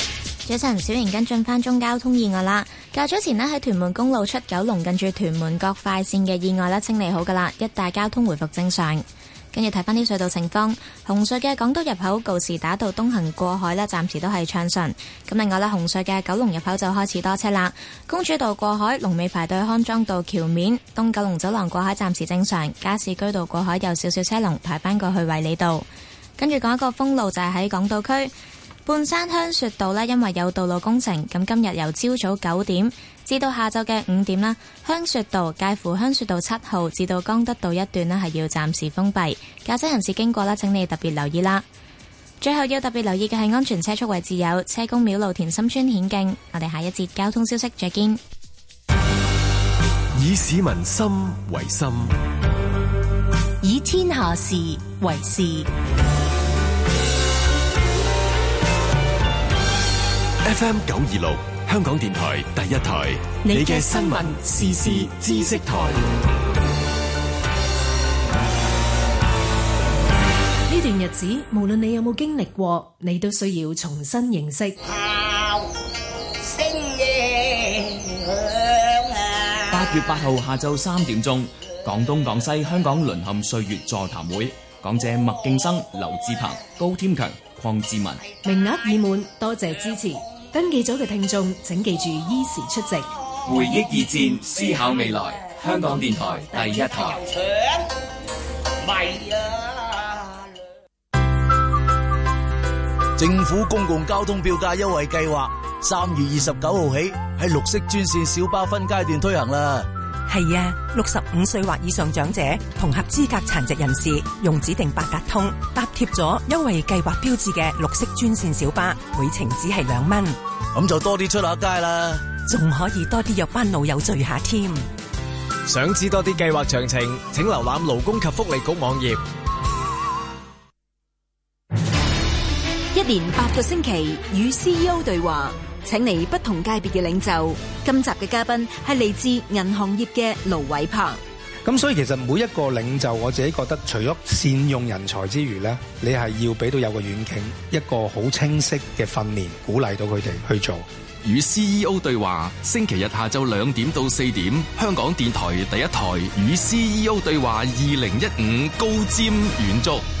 早晨，小瑩跟進返中交通意外啦。較早前呢，喺屯門公路出九龍近住屯門各快綫嘅意外啦，清理好噶啦，一帶交通回復正常。跟住睇翻啲隧道情況。紅隧嘅港島入口告士打道東行過海呢暫時都係暢順。咁另外呢紅隧嘅九龍入口就開始多車啦。公主道過海龍尾排隊，康莊道橋面東九龍走廊過海暫時正常。加士居道過海有少少車龍排返過去衛理道。跟住講一個封路就係、是、喺港島區。半山香雪道咧，因為有道路工程，咁今日由朝早九點至到下晝嘅五點啦，香雪道介乎香雪道七號至到江德道一段咧係要暫時封閉，駕駛人士經過啦，請你特別留意啦。最後要特別留意嘅係安全車速位置有車公廟路、田心村、顯徑。我哋下一節交通消息再見。以市民心為心，以天下事為事。F M 九二六，香港電台第一台，你嘅新聞、時事、知識台。呢段日子，無論你有冇經歷過，你都需要重新認識。八月八號下晝三點鐘，廣東、廣西、香港淪陷歲月座談會，講者：麥敬生、劉志鵬、高天強、鄺志文。名額已滿，多謝支持。登記咗嘅聽眾，請記住依時出席。回憶二戰，思考未來。香港電台第一台。政府公共交通票價優惠計劃，三月二十九號起喺綠色專線小巴分階段推行啦。係啊，六十五歲或以上長者同合資格殘疾人士用指定八達通搭貼咗優惠計劃標誌嘅綠色專線小巴，每程只係兩蚊。咁就多啲出下街啦，仲可以多啲約班老友聚下添。想知多啲計劃詳情，請瀏覽勞工及福利局網頁。一連八個星期與 CEO 對話。請嚟不同界別嘅領袖，今集嘅嘉賓係嚟自銀行業嘅盧偉鵬。咁所以其實每一個領袖，我自己覺得，除咗善用人才之餘呢，你係要俾到有個遠景，一個好清晰嘅訓練，鼓勵到佢哋去做。與 C E O 對話，星期日下晝兩點到四點，香港電台第一台《與 C E O 對話》，二零一五高瞻遠矚。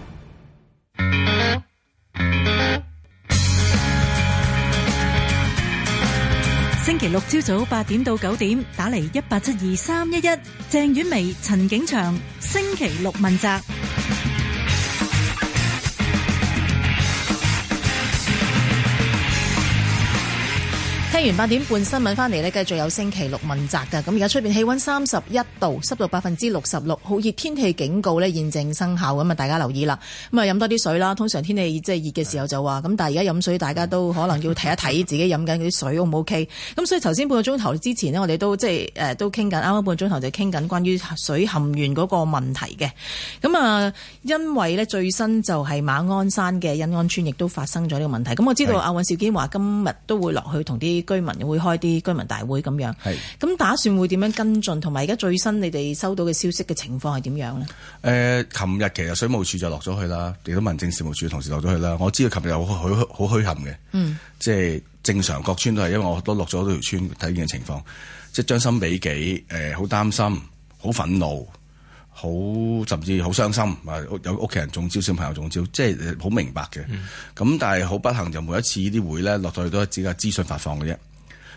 星期六朝早八點到九點，打嚟一八七二三一一，鄭婉薇、陳景祥，星期六問責。聽完八點半新聞翻嚟呢，繼續有星期六問責㗎。咁而家出邊氣温三十一度，濕度百分之六十六，好熱天氣警告呢現正生效咁啊！大家留意啦，咁啊飲多啲水啦。通常天氣即係熱嘅時候就話咁，但係而家飲水大家都可能要睇一睇自己飲緊嗰啲水 O 唔 OK。咁 [laughs] 所以頭先半個鐘頭之前呢，我哋都即係誒、呃、都傾緊，啱啱半個鐘頭就傾緊關於水含鉛嗰個問題嘅。咁啊、呃，因為呢最新就係馬鞍山嘅欣安村亦都發生咗呢個問題。咁我知道是阿尹兆堅話今日都會落去同啲。居民會開啲居民大會咁樣，咁是打算會點樣跟進？同埋而家最新你哋收到嘅消息嘅情況係點樣咧？誒、呃，琴日其實水務署就落咗去啦，亦都民政事務處嘅同事落咗去啦。我知道琴日好好好虛憾嘅，嗯，即係正常各村都係，因為我都落咗條村睇見嘅情況，即係將心比己，誒、呃，好擔心，好憤怒。好甚至好傷心，啊有屋企人中招，小朋友中招，即係好明白嘅。咁、嗯、但係好不幸，就每一次呢啲會咧，落到去都係自己嘅資訊發放嘅啫。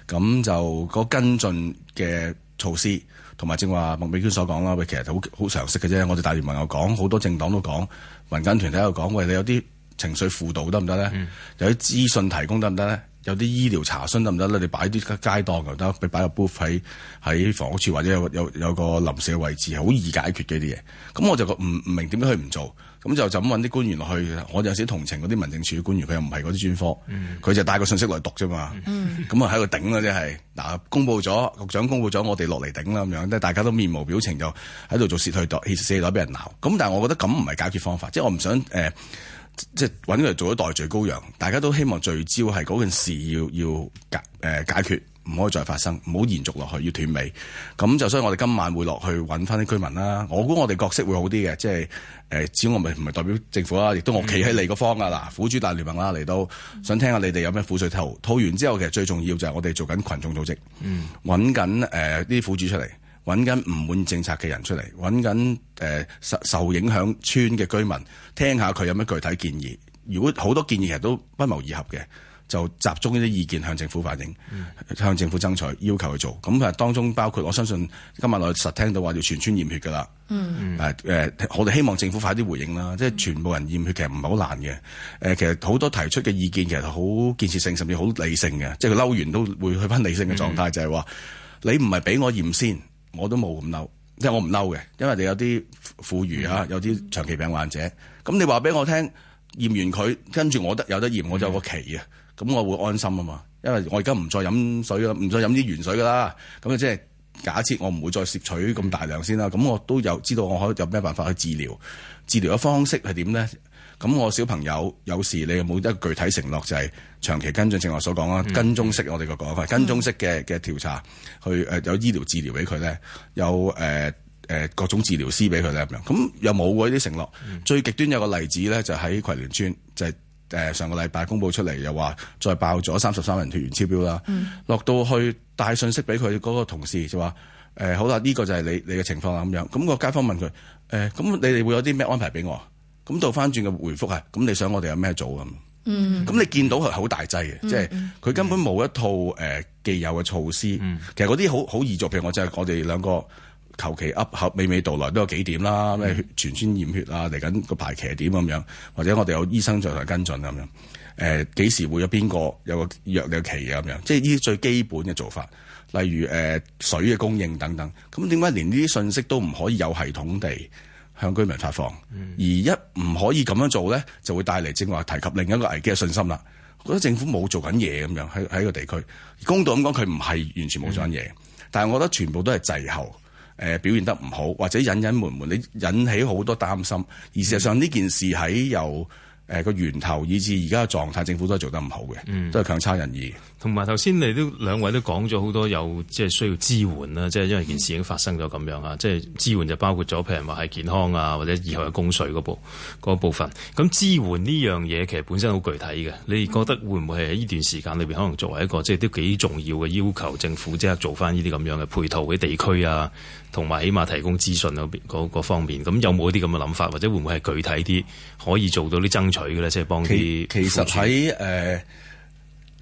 咁就嗰跟進嘅措施，同埋正話麥美娟所講啦，喂，其實好好常識嘅啫。我哋大聯盟又講，好多政黨都講，民間團體有講，喂你有啲情緒輔導得唔得咧？嗯、有啲資訊提供得唔得咧？有啲醫療查詢得唔得咧？你擺啲街檔就得，你擺個 booth 喺喺房屋處或者有有有個臨時嘅位置，好易解決嘅啲嘢。咁我就唔唔明點解佢唔做，咁就就咁揾啲官員落去。我有少少同情嗰啲民政處嘅官員，佢又唔係嗰啲專科，佢、嗯、就帶個信息嚟讀啫嘛。咁啊喺度頂啦，即係嗱，公佈咗局長公佈咗，我哋落嚟頂啦咁樣，即係大家都面無表情就喺度做撤退袋，撤退袋俾人鬧。咁但係我覺得咁唔係解決方法，即係我唔想誒。呃即係搵佢做咗代罪羔羊，大家都希望聚焦係嗰件事要要解誒解決，唔可以再發生，唔好延續落去，要斷尾。咁就所以我哋今晚會落去搵返啲居民啦。我估我哋角色會好啲嘅，即係誒，只、呃、要我唔係唔係代表政府啦，亦都我企喺你個方噶啦、嗯，苦主大聯盟啦，嚟到想聽下你哋有咩苦水吐。吐完之後其實最重要就係我哋做緊群眾組織，嗯，搵緊誒啲苦主出嚟。揾緊唔滿政策嘅人出嚟，揾緊誒受受影響村嘅居民，聽下佢有咩具體建議。如果好多建議其實都不謀而合嘅，就集中呢啲意見向政府反映，嗯、向政府爭取要求去做。咁、嗯、啊，嗯、當中包括我相信今日我實聽到話要全村驗血㗎啦。嗯誒、呃，我哋希望政府快啲回應啦。嗯、即係全部人驗血其實唔係好難嘅、呃。其實好多提出嘅意見其實好建設性，甚至好理性嘅。即係佢嬲完都會去翻理性嘅狀態，嗯、就係話你唔係俾我驗先。我都冇咁嬲，即係我唔嬲嘅，因為你有啲婦孺啊，有啲長期病患者。咁你話俾我聽，驗完佢，跟住我得有得驗，我就有個期啊，咁、嗯、我會安心啊嘛。因為我而家唔再飲水咯，唔再飲啲原水噶啦。咁啊，即係假設我唔會再攝取咁大量先啦。咁、嗯、我都有知道我可以有咩辦法去治療，治療嘅方式係點咧？咁我小朋友有時你有冇一個具體承諾，就係長期跟進，正如我所講啦，跟蹤式我哋個講法，嗯、跟蹤式嘅嘅調查，去、呃、有醫療治療俾佢咧，有誒、呃呃、各種治療師俾佢咧咁樣。咁又冇嗰啲承諾。嗯、最極端有個例子咧，就喺葵聯邨，就係誒上個禮拜公佈出嚟，又話再爆咗三十三人血鉛超標啦。落到、嗯、去帶信息俾佢嗰個同事就話、呃：好啦，呢、這個就係你你嘅情況啦咁樣。咁、咁個街坊問佢：誒、呃、咁你哋會有啲咩安排俾我？咁到翻轉嘅回覆啊！咁你想我哋有咩做啊？咁、嗯、你見到佢好大劑嘅，嗯、即係佢根本冇一套誒、呃、既有嘅措施。嗯、其實嗰啲好好易做，譬如我即係我哋兩個求其 up 合娓娓道來都有幾點啦，咩全村驗血啊，嚟緊個排期點咁樣，或者我哋有醫生在台跟進咁樣。誒、呃、幾時會有邊個有個約定期嘅咁樣？即係呢啲最基本嘅做法，例如誒、呃、水嘅供應等等。咁點解連呢啲信息都唔可以有系統地向居民發放，而一唔可以咁樣做咧，就會帶嚟正話提及另一個危機嘅信心啦。我覺得政府冇做緊嘢咁樣喺喺個地區，公道咁講，佢唔係完全冇做緊嘢，嗯、但係我覺得全部都係滯後，誒、呃、表現得唔好，或者隱隱瞞瞞，你引起好多擔心，而事實上呢件事喺由，誒個源頭以至而家嘅狀態，政府都係做得唔好嘅，嗯、都係強差人意。同埋頭先你都兩位都講咗好多有，有即係需要支援啦，即係因為件事已經發生咗咁樣啊，即係、嗯、支援就包括咗譬如話係健康啊，或者以後嘅供水嗰部嗰部分。咁支援呢樣嘢其實本身好具體嘅，你覺得會唔會係喺呢段時間裏面，可能作為一個即係都幾重要嘅要求政府即刻做翻呢啲咁樣嘅配套嘅地區啊？同埋起碼提供資訊嗰邊方面，咁有冇一啲咁嘅諗法，或者會唔會係具體啲可以做到啲爭取嘅咧？即係幫啲其實喺誒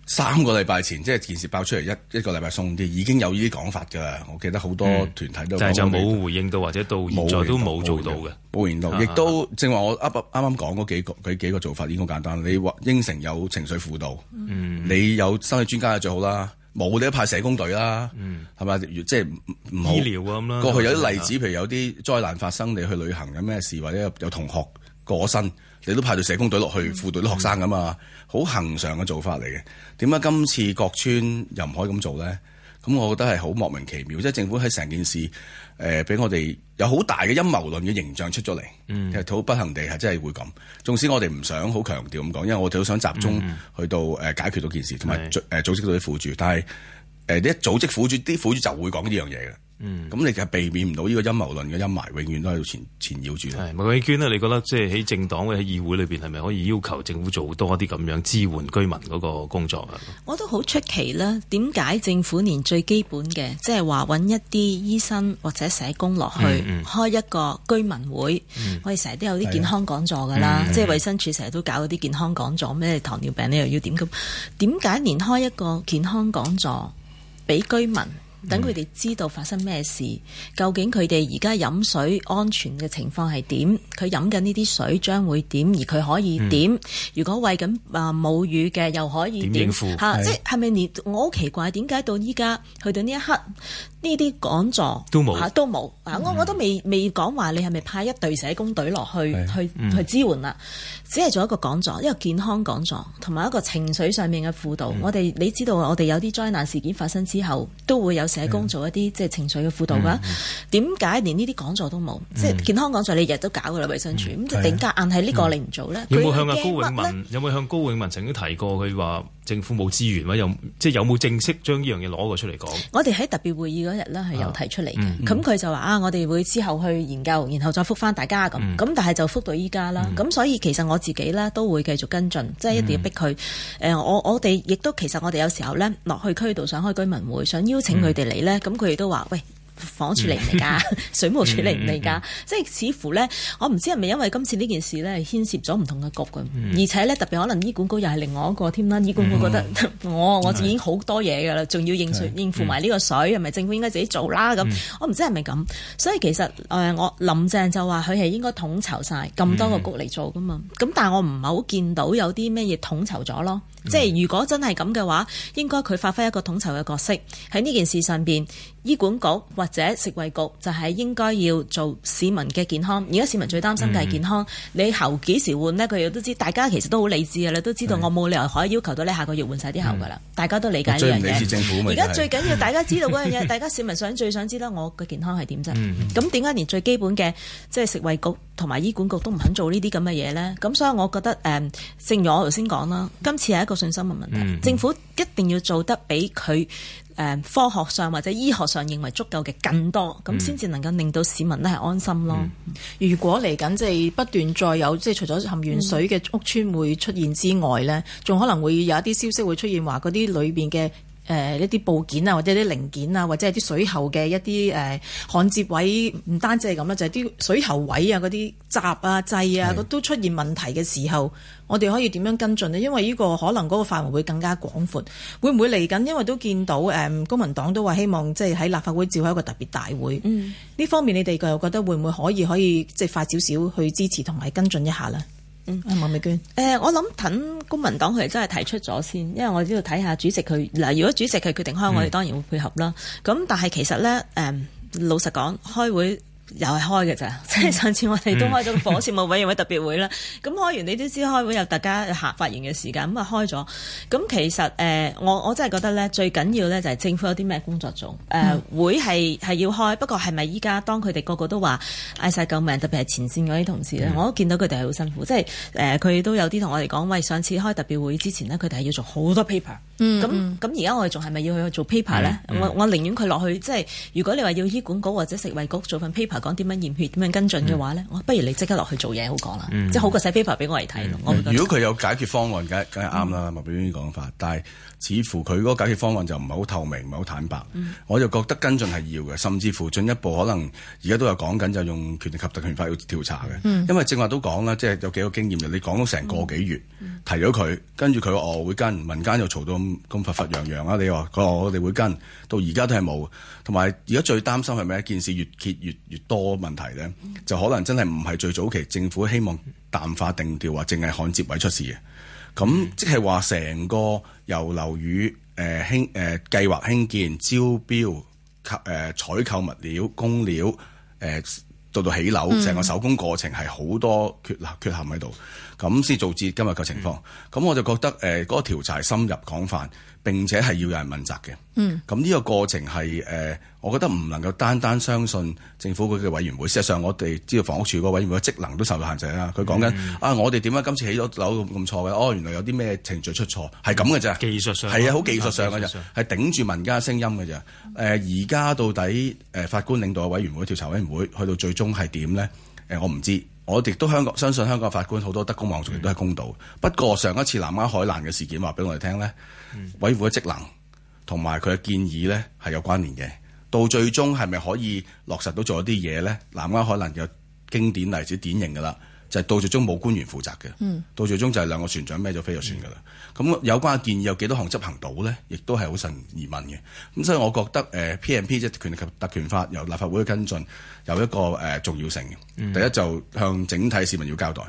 三個禮拜前，即係件事爆出嚟一一個禮拜送啲已經有呢啲講法㗎。我記得好多團體都但係，嗯，就冇回應到，或者到現在都冇做到嘅。回應到，亦、啊、都正話，我啱啱啱講嗰幾個嗰幾個做法已經好簡單。你話應承有情緒輔導，嗯、你有心理專家就最好啦。冇你都派社工隊啦，係咪、嗯？即係唔好。醫療過去有啲例子，嗯、譬如有啲災難發生，你去旅行有咩事，或者有同學過身，你都派到社工隊落去輔導啲學生噶嘛，好恒、嗯、常嘅做法嚟嘅。點解今次屋村又唔可以咁做咧？咁我覺得係好莫名其妙，即係政府喺成件事誒，俾我哋有好大嘅陰謀論嘅形象出咗嚟，其實好不幸地係真係會咁。縱使我哋唔想好強調咁講，因為我哋都想集中去到誒解決到件事，同埋誒組織到啲輔助，的但係你一組織輔助，啲輔助就會講呢樣嘢嘅。嗯，咁你其實避免唔到呢個陰謀論嘅陰霾，永遠都喺度纏纏繞住。係麥美娟、啊、你覺得即係喺政黨或者議會裏面係咪可以要求政府做多啲咁樣支援居民嗰個工作啊？我都好出奇啦，點解政府連最基本嘅，即係話揾一啲醫生或者社工落去、嗯嗯、開一個居民會，嗯、我哋成日都有啲健康講座噶啦，即係衛生署成日都搞嗰啲健康講座，咩糖尿病你又要點咁？點解連開一個健康講座俾居民？等佢哋知道發生咩事，究竟佢哋而家飲水安全嘅情況係點，佢飲緊呢啲水將會點，而佢可以點，如果餵緊啊母乳嘅又可以點嚇，即係咪？連我好奇怪，點解到依家去到呢一刻，呢啲講座都冇嚇，都冇啊！我我都未未講話，你係咪派一隊社工隊落去去去支援啦？只係做一個講座，一個健康講座，同埋一個情緒上面嘅輔導，我哋你知道，我哋有啲災難事件發生之後都會有。社工做一啲即係情緒嘅輔導啦，點解連呢啲講座都冇？即係健康講座，你日日都搞噶啦，衛生署咁就頂格硬係呢個你唔做咧？有冇向阿高永文？有冇向高永文曾經提過，佢話政府冇資源嘛？又即係有冇正式將呢樣嘢攞過出嚟講？我哋喺特別會議嗰日啦，係有提出嚟嘅。咁佢就話啊，我哋會之後去研究，然後再復翻大家咁。咁但係就復到依家啦。咁所以其實我自己咧都會繼續跟進，即係一定要逼佢。誒，我我哋亦都其實我哋有時候咧落去區度想開居民會，想邀請佢哋。嚟咧，咁佢亦都話：喂。房署嚟唔嚟㗎， [laughs] 水務署嚟唔嚟㗎？即係 [noise] 似乎咧，我唔知係咪因為今次呢件事咧牽涉咗唔同嘅局嘅， [noise] 而且咧特別可能醫管局又係另外一個添啦。醫管局覺得、 [noise] 哦、我我已經好多嘢㗎啦，仲要應付埋呢個水，係咪 [noise] 政府應該自己做啦？咁 [noise] 我唔知係咪咁。所以其實、呃、我林鄭就話佢係應該統籌晒咁多個局嚟做嘅嘛。咁 [noise] 但係我唔係好見到有啲咩嘢統籌咗咯。 [noise] 即係如果真係咁嘅話，應該佢發揮一個統籌嘅角色喺呢件事上面，醫管局。或者食衛局就係應該要做市民嘅健康，而家市民最擔心嘅係健康。嗯、你喉幾時換呢？佢哋都知，大家其實都好理智呀。你都知道，我冇理由可以要求到你下個月換晒啲喉噶啦。嗯、大家都理解呢樣嘢。理智政府咪而家最緊要大家知道嗰樣嘢， [laughs] 大家市民想最想知道我嘅健康係點啫。咁點解連最基本嘅即係食衛局同埋醫管局都唔肯做呢啲咁嘅嘢呢？咁所以我覺得，誒、呃，正如我頭先講啦，今次係一個信心嘅問題，嗯、政府一定要做得畀佢。誒科學上或者醫學上認為足夠嘅更多，咁先至能夠令到市民咧係安心咯。嗯、如果嚟緊即係不斷再有即係除咗含鉛水嘅屋村會出現之外呢，仲、嗯、可能會有一啲消息會出現話嗰啲裏邊嘅。誒、呃、一啲部件啊，或者啲零件啊，或者係啲水喉嘅一啲誒焊接位，唔單止係咁啦，就係、是、啲水喉位啊、嗰啲閘啊、掣啊的，都出現問題嘅時候，我哋可以點樣跟進咧？因為呢、這個可能嗰個範圍會更加廣闊，會唔會嚟緊？因為都見到誒、嗯、公民黨都話希望即係喺立法會召開一個特別大會，嗯，呢方面你哋又覺得會唔會可以可以即係快少少去支持同埋跟進一下咧？嗯，阿麥、嗯、美娟，誒、呃，我諗等公民黨佢哋真係提出咗先，因為我知道睇下主席佢嗱，如果主席佢決定開，我哋、嗯、當然會配合啦。咁但係其實咧，誒、嗯，老實講，開會。又係開嘅咋？即係上次我哋都開咗個火線委員會特別會啦。咁開完你都知開會又大家下發言嘅時間。咁啊開咗。咁其實誒、呃，我我真係覺得咧，最緊要咧就係政府有啲咩工作做。誒、呃嗯、會係係要開，不過係咪依家當佢哋個個都話嗌晒救命，特別係前線嗰啲同事咧，的我都見到佢哋係好辛苦。即係誒，佢、呃、都有啲同我哋講，喂，上次開特別會之前是是呢，佢哋係要做好多 paper。咁咁而家我哋仲係咪要去去做 paper 咧？我我寧願佢落去。即係如果你話要醫管局或者食衞局做份 paper。講點樣驗血，點樣跟進嘅話咧，嗯、我不如你即刻落去做嘢好講啦，嗯、即係好過寫 paper 俾我嚟睇咯。我得如果佢有解決方案，梗梗係啱啦，麥美娟講法。但係似乎佢嗰個解決方案就唔係好透明，唔係好坦白。嗯、我就覺得跟進係要嘅，甚至乎進一步可能而家都有講緊，就是、用權力及特權法去調查嘅。嗯、因為正話都講啦，即係有幾個經驗嘅，你講咗成個幾月，嗯、提咗佢，跟住佢我會跟，民間又嘈到咁咁沸沸揚揚啊！你話佢我哋會跟，到而家都係冇。同埋而家最擔心係咩？件事越揭越越。多問題咧，就可能真係唔係最早期政府希望淡化定調話，淨係焊接位出事嘅。咁即係話成個由樓宇、呃呃、計劃興建、招標及誒、呃、採購物料、供料誒、呃、到到起樓，成個手工過程係好多缺陷、嗯、缺陷喺度。咁先導致今日嘅情況，咁、嗯、我就覺得誒嗰、呃那個調查深入廣泛，並且係要有人問責嘅。嗯，咁呢個過程係誒、呃，我覺得唔能夠單單相信政府嗰個委員會。事實上，我哋知道房屋處個個委員會嘅職能都受到限制啦。佢講緊啊，我哋點解今次起咗樓咁錯嘅？哦，原來有啲咩程序出錯，係咁嘅啫。技術上係啊，好技術上嘅啫，係頂住民間聲音嘅啫。誒、呃，而家到底誒、呃、法官領導嘅委員會、調查委員會去到最終係點咧？誒，我唔知。我哋都香港相信香港法官好多德高望重，亦都係公道。嗯、不過上一次南丫海難嘅事件告我們，話俾我哋聽咧，維護嘅職能同埋佢嘅建議咧係有關聯嘅。到最終係咪可以落實到做一啲嘢咧？南丫海難有經典例子，典型噶啦。就係到最終冇官員負責嘅，嗯、到最終就係兩個船長孭咗飛咗船噶啦。咁、嗯、有關嘅建議有幾多項執行到咧，亦都係好神疑問嘅。咁所以我覺得誒、呃、P M P 即係權力及特權法由立法會去跟進，有一個、呃、重要性嘅。嗯、第一就向整體市民要交代，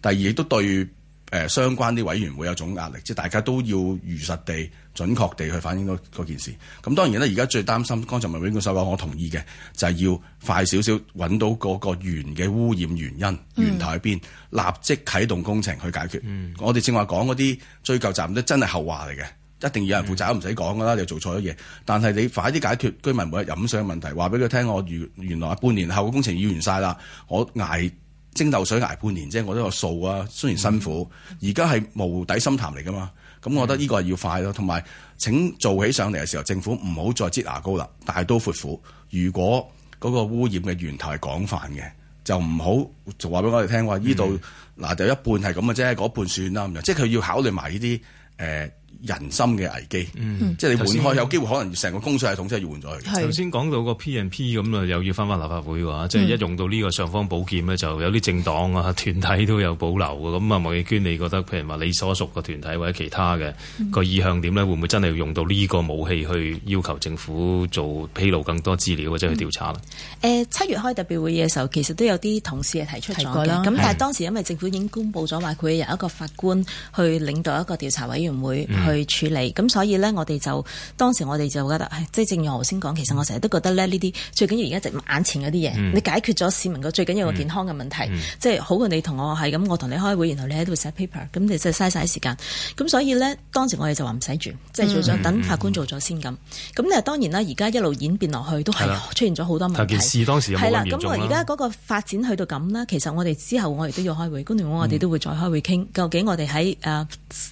第二亦都對。誒、呃、相關啲委員會有種壓力，即係大家都要如實地、準確地去反映嗰嗰件事。咁當然，而家最擔心，剛才文永光所講，我同意嘅就係、是、要快少少揾到嗰個源嘅污染原因，嗯、源頭喺邊，立即啟動工程去解決。嗯、我哋正話講嗰啲追究責任都真係後話嚟嘅，一定要有人負責唔使講噶啦，你做錯咗嘢。但係你快啲解決居民每日飲水嘅問題，話俾佢聽，我原原來半年後嘅工程要完晒啦，我捱。蒸餾水捱半年啫，我呢個數啊，雖然辛苦，而家係無底深潭嚟㗎嘛。咁我覺得呢個係要快咯。同埋、嗯、請做起上嚟嘅時候，政府唔好再擠牙膏啦，大刀闊斧。如果嗰個污染嘅源頭係廣泛嘅，就唔好就話俾我哋聽話依度嗱就一半係咁嘅啫，嗰半算啦咁樣。即係佢要考慮埋呢啲誒。呃人心嘅危機，嗯、即係你換開才有機會可能成個供水系統真係要換咗佢。頭先講到個 P&P 咁啊，又要翻翻立法會、嗯、即係一用到呢個尚方寶劍呢，就有啲政黨啊團體都有保留咁啊。麥美娟，你覺得譬如話你所屬嘅團體或者其他嘅、嗯、個意向點呢，會唔會真係用到呢個武器去要求政府做披露更多資料或者、嗯、去調查咧？七、呃、月開特別會議嘅時候，其實都有啲同事係提出咗嘅。咁但係當時因為政府已經公佈咗話，佢有一個法官去領導一個調查委員會。嗯去處理咁，所以咧，我哋就當時我哋就覺得，即係正如我頭先講，其實我成日都覺得咧，呢啲最緊要而家直眼前嗰啲嘢，嗯、你解決咗市民個最緊要個健康嘅問題，嗯、即係好過你同我係咁，我同你開會，然後你喺度寫 paper，咁你即係嘥晒啲時間。咁所以咧，當時我哋就話唔使住，即係做咗等法官做咗先咁。咁當、嗯嗯嗯嗯、當然啦，而家一路演變落去，都係出現咗好多問題。係啦，咁我而家嗰個發展去到咁啦，其實我哋之後我哋都要開會，工聯會我哋都會再開會傾，究竟我哋喺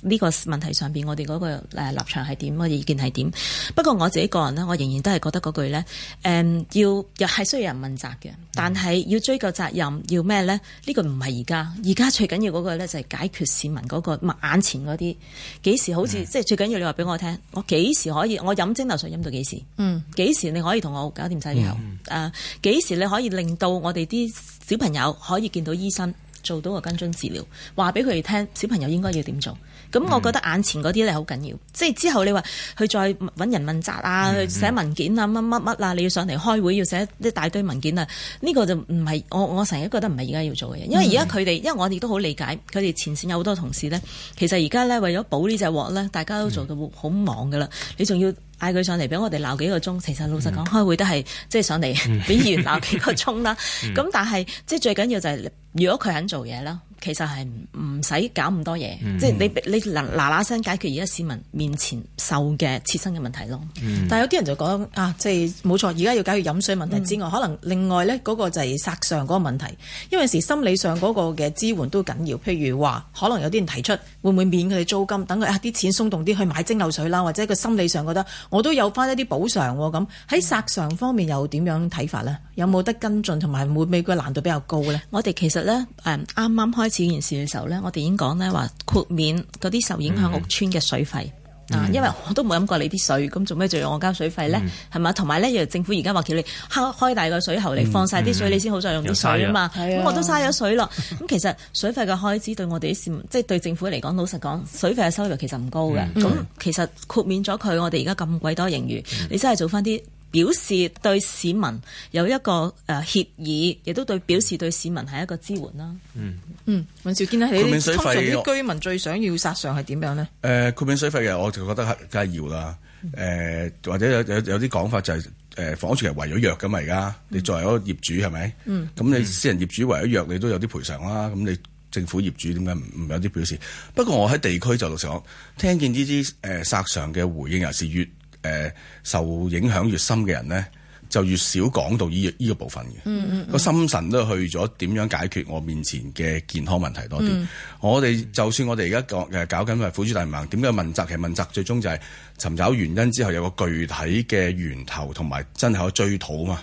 呢個問題上邊我哋。嗰個立場係點？我嘅意見係點？不過我自己個人咧，我仍然都係覺得嗰句咧，誒、嗯、要又係需要人問責嘅，但係要追究責任要咩咧？呢、這個唔係而家，而家最緊要嗰個咧就係解決市民嗰、那個眼前嗰啲幾時好似 Yeah. 即係最緊要你話俾我聽，我幾時可以我飲蒸餾水飲到幾時？嗯，幾時你可以同我搞掂晒？誒，幾時你可以令到我哋啲小朋友可以見到醫生，做到個跟蹤治療，話俾佢哋聽，小朋友應該要點做？咁我覺得眼前嗰啲咧好緊要，嗯、即係之後你話去再揾人問責啊，去、嗯嗯、寫文件啊，乜乜乜啊，你要上嚟開會要寫一大堆文件啊，呢、呢個就唔係我我成日覺得唔係而家要做嘅嘢，因為而家佢哋，嗯、因為我哋都好理解佢哋前線有好多同事咧，其實而家咧為咗補呢隻鑊咧，大家都做到好忙噶啦，嗯、你仲要嗌佢上嚟俾我哋鬧幾個鐘，其實老實講、嗯、開會都係即係上嚟俾議員鬧幾個鐘啦，咁、嗯嗯、但係即係最緊要就係如果佢肯做嘢啦。其實係唔使搞咁多嘢，嗯、即係你你嗱嗱聲解決而家市民面前受嘅切身嘅問題咯。嗯、但有啲人就講啊，即係冇錯，而家要解決飲水問題之外，嗯、可能另外咧嗰、那個就係索償嗰個問題，因為時心理上嗰個嘅支援都緊要。譬如話，可能有啲人提出會唔會免佢哋租金，等佢啊啲錢鬆動啲去買蒸餾水啦，或者個心理上覺得我都有翻一啲補償咁。喺索償方面又點樣睇法咧？有冇得跟進同埋每每個難度比較高咧？我哋其實咧，啱啱開始件事嘅時候咧，我哋已經講咧話豁免嗰啲受影響屋村嘅水費啊，因為我都冇飲過你啲水，咁做咩就要我交水費咧？係嘛？同埋咧，政府而家話叫你開大個水喉嚟放晒啲水，你先好再用啲水啊嘛。咁我都嘥咗水咯。咁其實水費嘅開支對我哋啲即係對政府嚟講，老實講，水費嘅收入其實唔高嘅。咁其實豁免咗佢，我哋而家咁鬼多盈餘，你真係做翻啲。表示對市民有一個誒協議，亦都對表示對市民係一個支援啦。嗯嗯，尹、嗯、兆堅咧，喺通常啲居民最想要索償係點樣咧？誒、呃，豁免水費嘅，我就覺得係梗係要啦。誒、呃，或者有有有啲講法就係、是、誒，房署係違咗約㗎嘛。而家你作為一個業主係咪？咁你私人業主違咗約，你都有啲賠償啦。咁你政府業主點解唔有啲表示？不過我喺地區就陸續聽見呢啲誒索償嘅回應，又是越。誒受影響越深嘅人咧，就越少講到呢依個部分嘅個、嗯嗯嗯、心神都去咗點樣解決我面前嘅健康問題多啲。嗯、我哋就算我哋而家搞緊咪苦主大聯盟，點解問責其實問責最終就係尋找原因之後有個具體嘅源頭，同埋真係去追討嘛？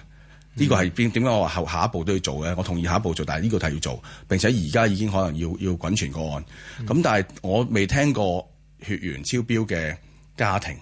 呢、嗯、個係點點解我話下一步都要做嘅？我同意下一步做，但係呢個係要做，並且而家已經可能要要滾存個案咁。嗯、但係我未聽過血鉛超標嘅家庭。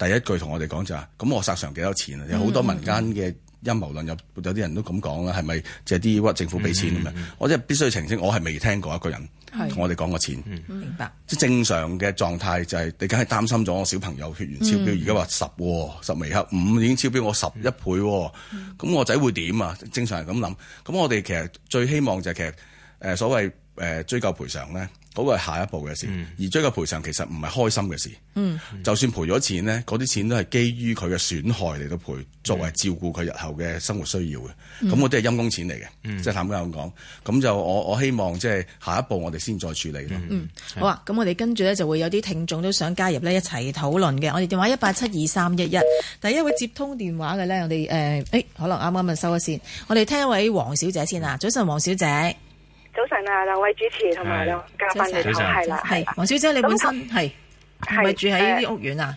第一句同我哋講就話、是，咁我賠償幾多錢啊？有好多民間嘅陰謀論，有有啲人都咁講啦，係咪借啲屈政府俾錢咁啊？嗯嗯嗯、我即係必須澄清，我係未聽過一個人同我哋講過錢。明白、嗯，嗯、即係正常嘅狀態就係、是、你梗係擔心咗，我小朋友血鉛超標，而家話十十微克，五已經超標，我十一倍、哦、咁、嗯、我仔會點啊？正常係咁諗。咁我哋其實最希望就係其實誒、呃、所謂誒、呃、追究賠償咧。嗰個係下一步嘅事，嗯、而追求賠償其實唔係開心嘅事。嗯，就算賠咗錢呢，嗰啲錢都係基於佢嘅損害嚟到賠，作為照顧佢日後嘅生活需要嘅。咁嗰啲係陰公錢嚟嘅，嗯、即係坦白咁講。咁就我我希望即係下一步我哋先再處理咯。嗯，的好啊，咁我哋跟住咧就會有啲聽眾都想加入呢一齊討論嘅。我哋電話一八七二三一一，第一位接通電話嘅咧，我哋誒，誒、呃欸、可能啱啱咪收咗線，我哋聽一位王小姐先啊，早晨王小姐。早晨啊，兩位主持同埋咯嘉賓，你好，係啦，係黃小姐，你本身係係咪住喺屋苑啊？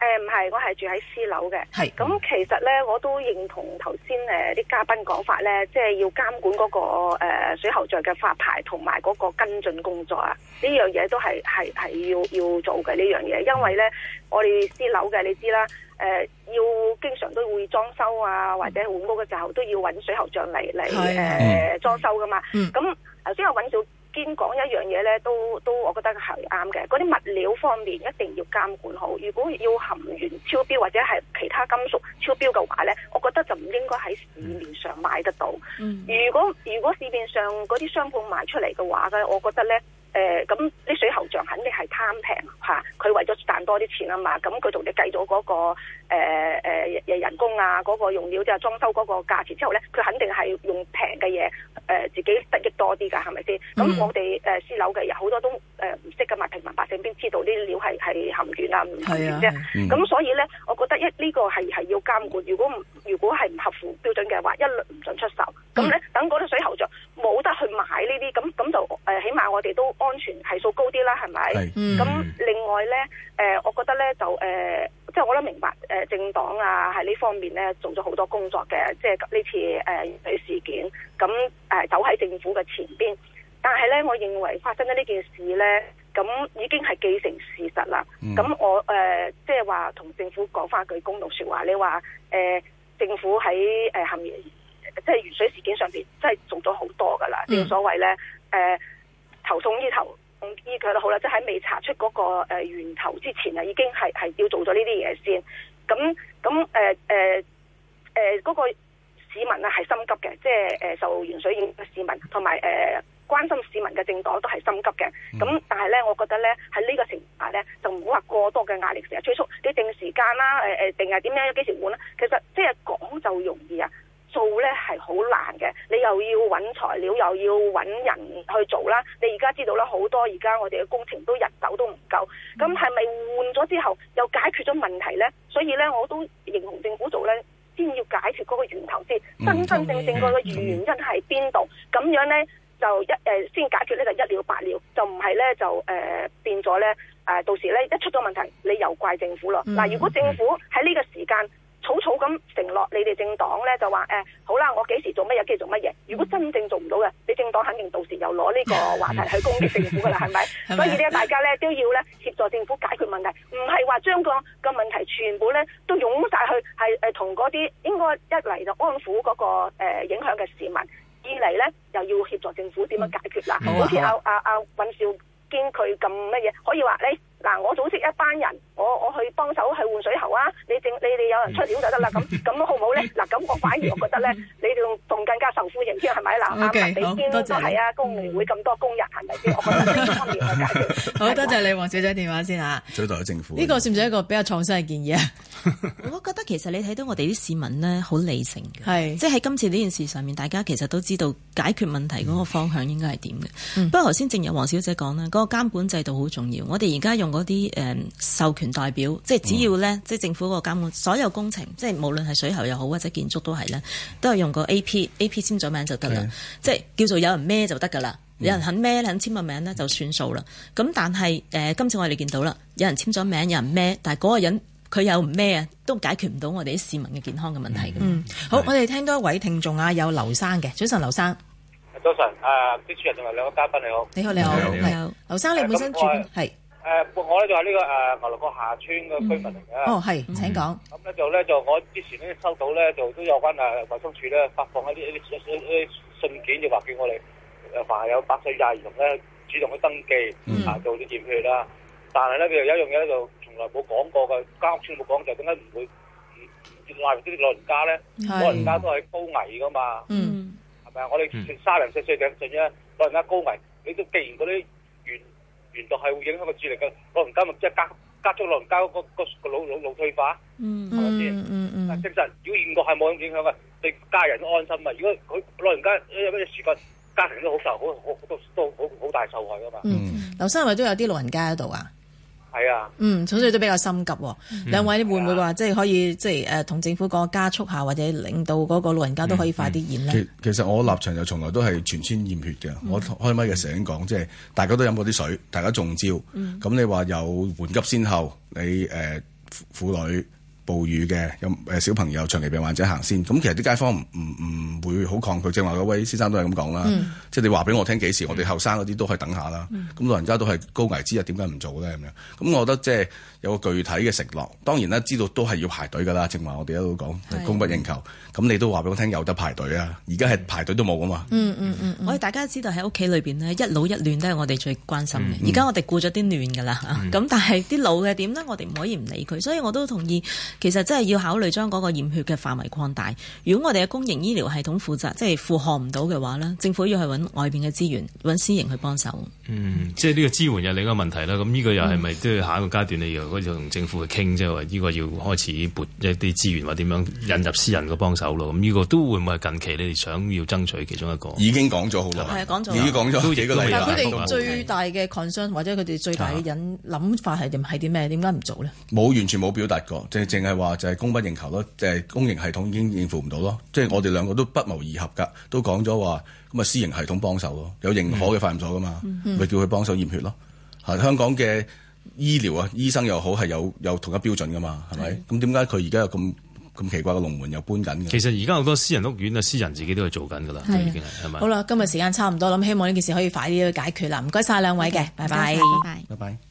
誒，唔係，我係住喺私樓嘅。係咁，其實咧，我都認同頭先誒啲嘉賓講法咧，即係要監管嗰個誒水喉匠嘅發牌同埋嗰個跟進工作啊。呢樣嘢都係係係要要做嘅呢樣嘢，因為咧我哋私樓嘅，你知啦，誒要經常都會裝修啊，或者換屋嘅時候都要揾水喉匠嚟嚟誒裝修噶嘛。嗯，咁。頭先我揾到堅講一樣嘢呢，都都我覺得係啱嘅。嗰啲物料方面一定要監管好。如果要含鉛超標或者係其他金屬超標嘅話呢，我覺得就唔應該喺市面上買得到。嗯、如果如果市面上嗰啲商鋪賣出嚟嘅話呢，我覺得呢，誒咁啲水喉匠肯定係貪平吓，佢、啊、為咗賺多啲錢啊嘛。咁佢同你計咗嗰、嗰個。誒誒、呃呃、人工啊，嗰、那個用料即係裝修嗰個價錢之後呢，佢肯定係用平嘅嘢，誒、呃、自己得益多啲噶，係咪先？咁、嗯、我哋誒、呃、私樓嘅有好多都誒唔識噶嘛，平民百姓邊知道啲料係係含鉛啊唔含鉛啫？咁所以呢，嗯、我覺得一呢個係係要監管，如果唔如果係唔合乎標準嘅話，一律唔准出售。咁、嗯、呢，等嗰啲水喉著冇得去買呢啲，咁咁就誒、呃，起碼我哋都安全係數高啲啦，係咪？咁、嗯、另外呢，誒、呃、我覺得呢就誒。呃即係我都明白，誒、呃、政黨啊喺呢方面咧做咗好多工作嘅，即係呢次誒、呃、鉛水事件，咁誒、呃、走喺政府嘅前邊。但係咧，我認為發生咗呢件事咧，咁已經係既成事實啦。咁、嗯、我誒、呃、即係話同政府講翻句公道說話，你話誒、呃、政府喺誒後面，即係鉛水事件上邊，真係做咗好多噶啦，正所謂咧。誒、呃、投送呢頭。控制佢都好啦，即係喺未查出嗰個誒源頭之前啊，已經係係要做咗呢啲嘢先。咁咁誒誒誒，嗰、呃呃呃那個市民啊係心急嘅，即係誒受鉛水影響嘅市民，同埋誒關心市民嘅政黨都係心急嘅。咁但係咧，我覺得咧喺呢在這個情況下咧，就唔好話過多嘅壓力成日催促你定時間啦、啊，誒、呃、誒定係點樣，要幾時換咧、啊？其實即係講就容易啊。做呢係好難嘅，你又要揾材料，又要揾人去做啦。你而家知道啦，好多而家我哋嘅工程都人手都唔夠。咁係咪換咗之後又解決咗問題呢？所以呢，我都認同政府做呢，先要解決嗰個源頭先，真、嗯、真正正個原因係邊度？咁、嗯、樣呢，就一、呃、先解決呢，就一了百了，就唔係呢，就誒、呃、變咗呢、呃，到時呢，一出咗問題你又怪政府咯。嗱、嗯啊，如果政府喺呢個時間。草草咁承諾，你哋政黨呢，就話誒、欸、好啦，我幾時做乜嘢，幾時做乜嘢。如果真正做唔到嘅，你政黨肯定到時又攞呢個話題去攻擊政府噶啦，係咪？ [laughs] 所以呢，大家呢都要呢協助政府解決問題，唔係話將個個問題全部呢都湧晒去，係誒同嗰啲應該一嚟就安撫嗰、那個、呃、影響嘅市民，二嚟呢又要協助政府點樣解決啦。 [laughs] 好似阿阿阿尹兆堅佢咁乜嘢，可以話你。嗱，我組織一班人，我我去幫手去換水喉啊！你正你哋有人出料就得啦，咁咁好唔好咧？嗱，咁我反而我覺得咧，你哋仲更加受歡迎，係咪嗱？啱啱已經都係啊！工聯會咁多工人，係咪先？我覺得好多謝你，黃小姐電話先嚇。最多政府呢個算唔算一個比較創新嘅建議啊？ [laughs] 我覺得其實你睇到我哋啲市民呢，好理性嘅，係是即係喺今次呢件事上面，大家其實都知道解決問題嗰個方向應該係點嘅。嗯、不過頭先正如黃小姐講啦，嗰、那個監管制度好重要，我哋而家用。嗰啲誒授權代表，即係只要咧，嗯、即係政府個監管，所有工程，即係無論係水喉又好或者建築都係咧，都係用個 A P A P 簽咗名就得啦。是的 即係叫做有人孭就得㗎啦，嗯、有人肯孭你肯簽個名咧，就算數啦。咁但係誒、呃，今次我哋見到啦，有人簽咗名，有人孭，但係嗰個人佢有唔孭啊，都解決唔到我哋啲市民嘅健康嘅問題。是的 嗯，好，是的 我哋聽多一位聽眾啊，有劉生嘅，早晨，劉生。早晨，啊，主持人同埋兩個嘉賓你好，你好。你好，你好。你好，劉生，你本身住誒、呃，我咧就話、是、呢、這個誒、呃，牛頭角下邨嘅居民嚟嘅。哦，係，請講。咁咧、嗯嗯、就咧就，我之前咧收到咧就都有關誒衞生署咧發放一啲一啲信件就叫，就話畀我哋，誒凡係有百歲廿兒童咧主動去登記，嗯啊、做啲驗血啦。但係咧佢有一樣嘢咧就從來冇講過，佢間屋村冇講就點解唔會唔拉住啲老人家咧？老是人家都係高危㗎嘛。嗯。係咪啊？我哋三零四最頂盡啫，老人家高危，你都既然啲。原就係會影響個智力，嘅老人家咪即係加加速老人家嗰個個腦腦腦退化，係咪先？啊，正、嗯嗯、如果驗過係冇咁影響嘅，對家人都安心嘛。如果佢老人家有咩事嘅，家庭都好受，好好都都好好大受害噶嘛。嗯，劉生係咪都有啲老人家喺度啊？係啊，嗯，所以都比較心急喎、哦。嗯、兩位會唔會話、啊、即係可以即係誒、呃、同政府個加速下，或者令到嗰個老人家都可以快啲驗呢、嗯嗯？其實我立場就從來都係全村驗血嘅。嗯、我開咪嘅時候已經講，即係大家都飲過啲水，大家中招。咁、嗯、你話有緩急先後，你誒婦、呃、婦女。暴雨嘅，有誒小朋友、長期病患者行先。咁其實啲街坊唔唔唔會好抗拒，正話嗰位先生都係咁講啦。嗯、即係你話俾我聽幾時，我哋後生嗰啲都可以等下啦。咁老、嗯、人家都係高危之日，點解唔做咧？咁樣，咁我覺得即係。有個具體嘅承諾，當然啦，知道都係要排隊噶啦。正話我哋一路講供不應求，咁你都話俾我聽有得排隊啊！而家係排隊都冇㗎嘛。嗯嗯嗯，我、嗯、哋、嗯嗯、大家知道喺屋企裏邊呢，一老一嫩都係我哋最關心嘅。而家、嗯、我哋顧咗啲嫩㗎啦，咁、嗯、但係啲老嘅點呢？我哋唔可以唔理佢，所以我都同意，其實真係要考慮將嗰個驗血嘅範圍擴大。如果我哋嘅公營醫療系統負責，即、就、係、是、負荷唔到嘅話呢，政府要去揾外邊嘅資源，揾私營去幫手。嗯，即係呢個支援又另一個問題啦。咁呢個又係咪即係下一個階段你要？嗯嗰就同政府去傾即係話呢個要開始撥一啲資源或點樣引入私人嘅幫手咯。咁呢個都會唔會近期你哋想要爭取其中一個？已經講咗好耐，已經講咗幾個禮拜。但係佢哋最大嘅 concern 或者佢哋最大嘅引諗法係點？係啲咩？點解唔做咧？冇完全冇表達過，淨淨係話就係供不應求咯，就係公營系統已經應付唔到咯。即係我哋兩個都不謀而合㗎，都講咗話咁啊，私營系統幫手咯，有認可嘅化驗所㗎嘛，咪、嗯、哼叫佢幫手驗血咯。係香港嘅。醫療啊，醫生又好，係有有同一標準噶嘛，係咪是的？咁點解佢而家有咁咁奇怪嘅龍門又搬緊嘅？其實而家好多私人屋苑啊，私人自己都係做緊噶啦，是的 已經係係咪？好啦，今日時間差唔多，咁希望呢件事可以快啲去解決啦。唔該晒兩位嘅，okay, 拜拜，拜拜。拜拜拜拜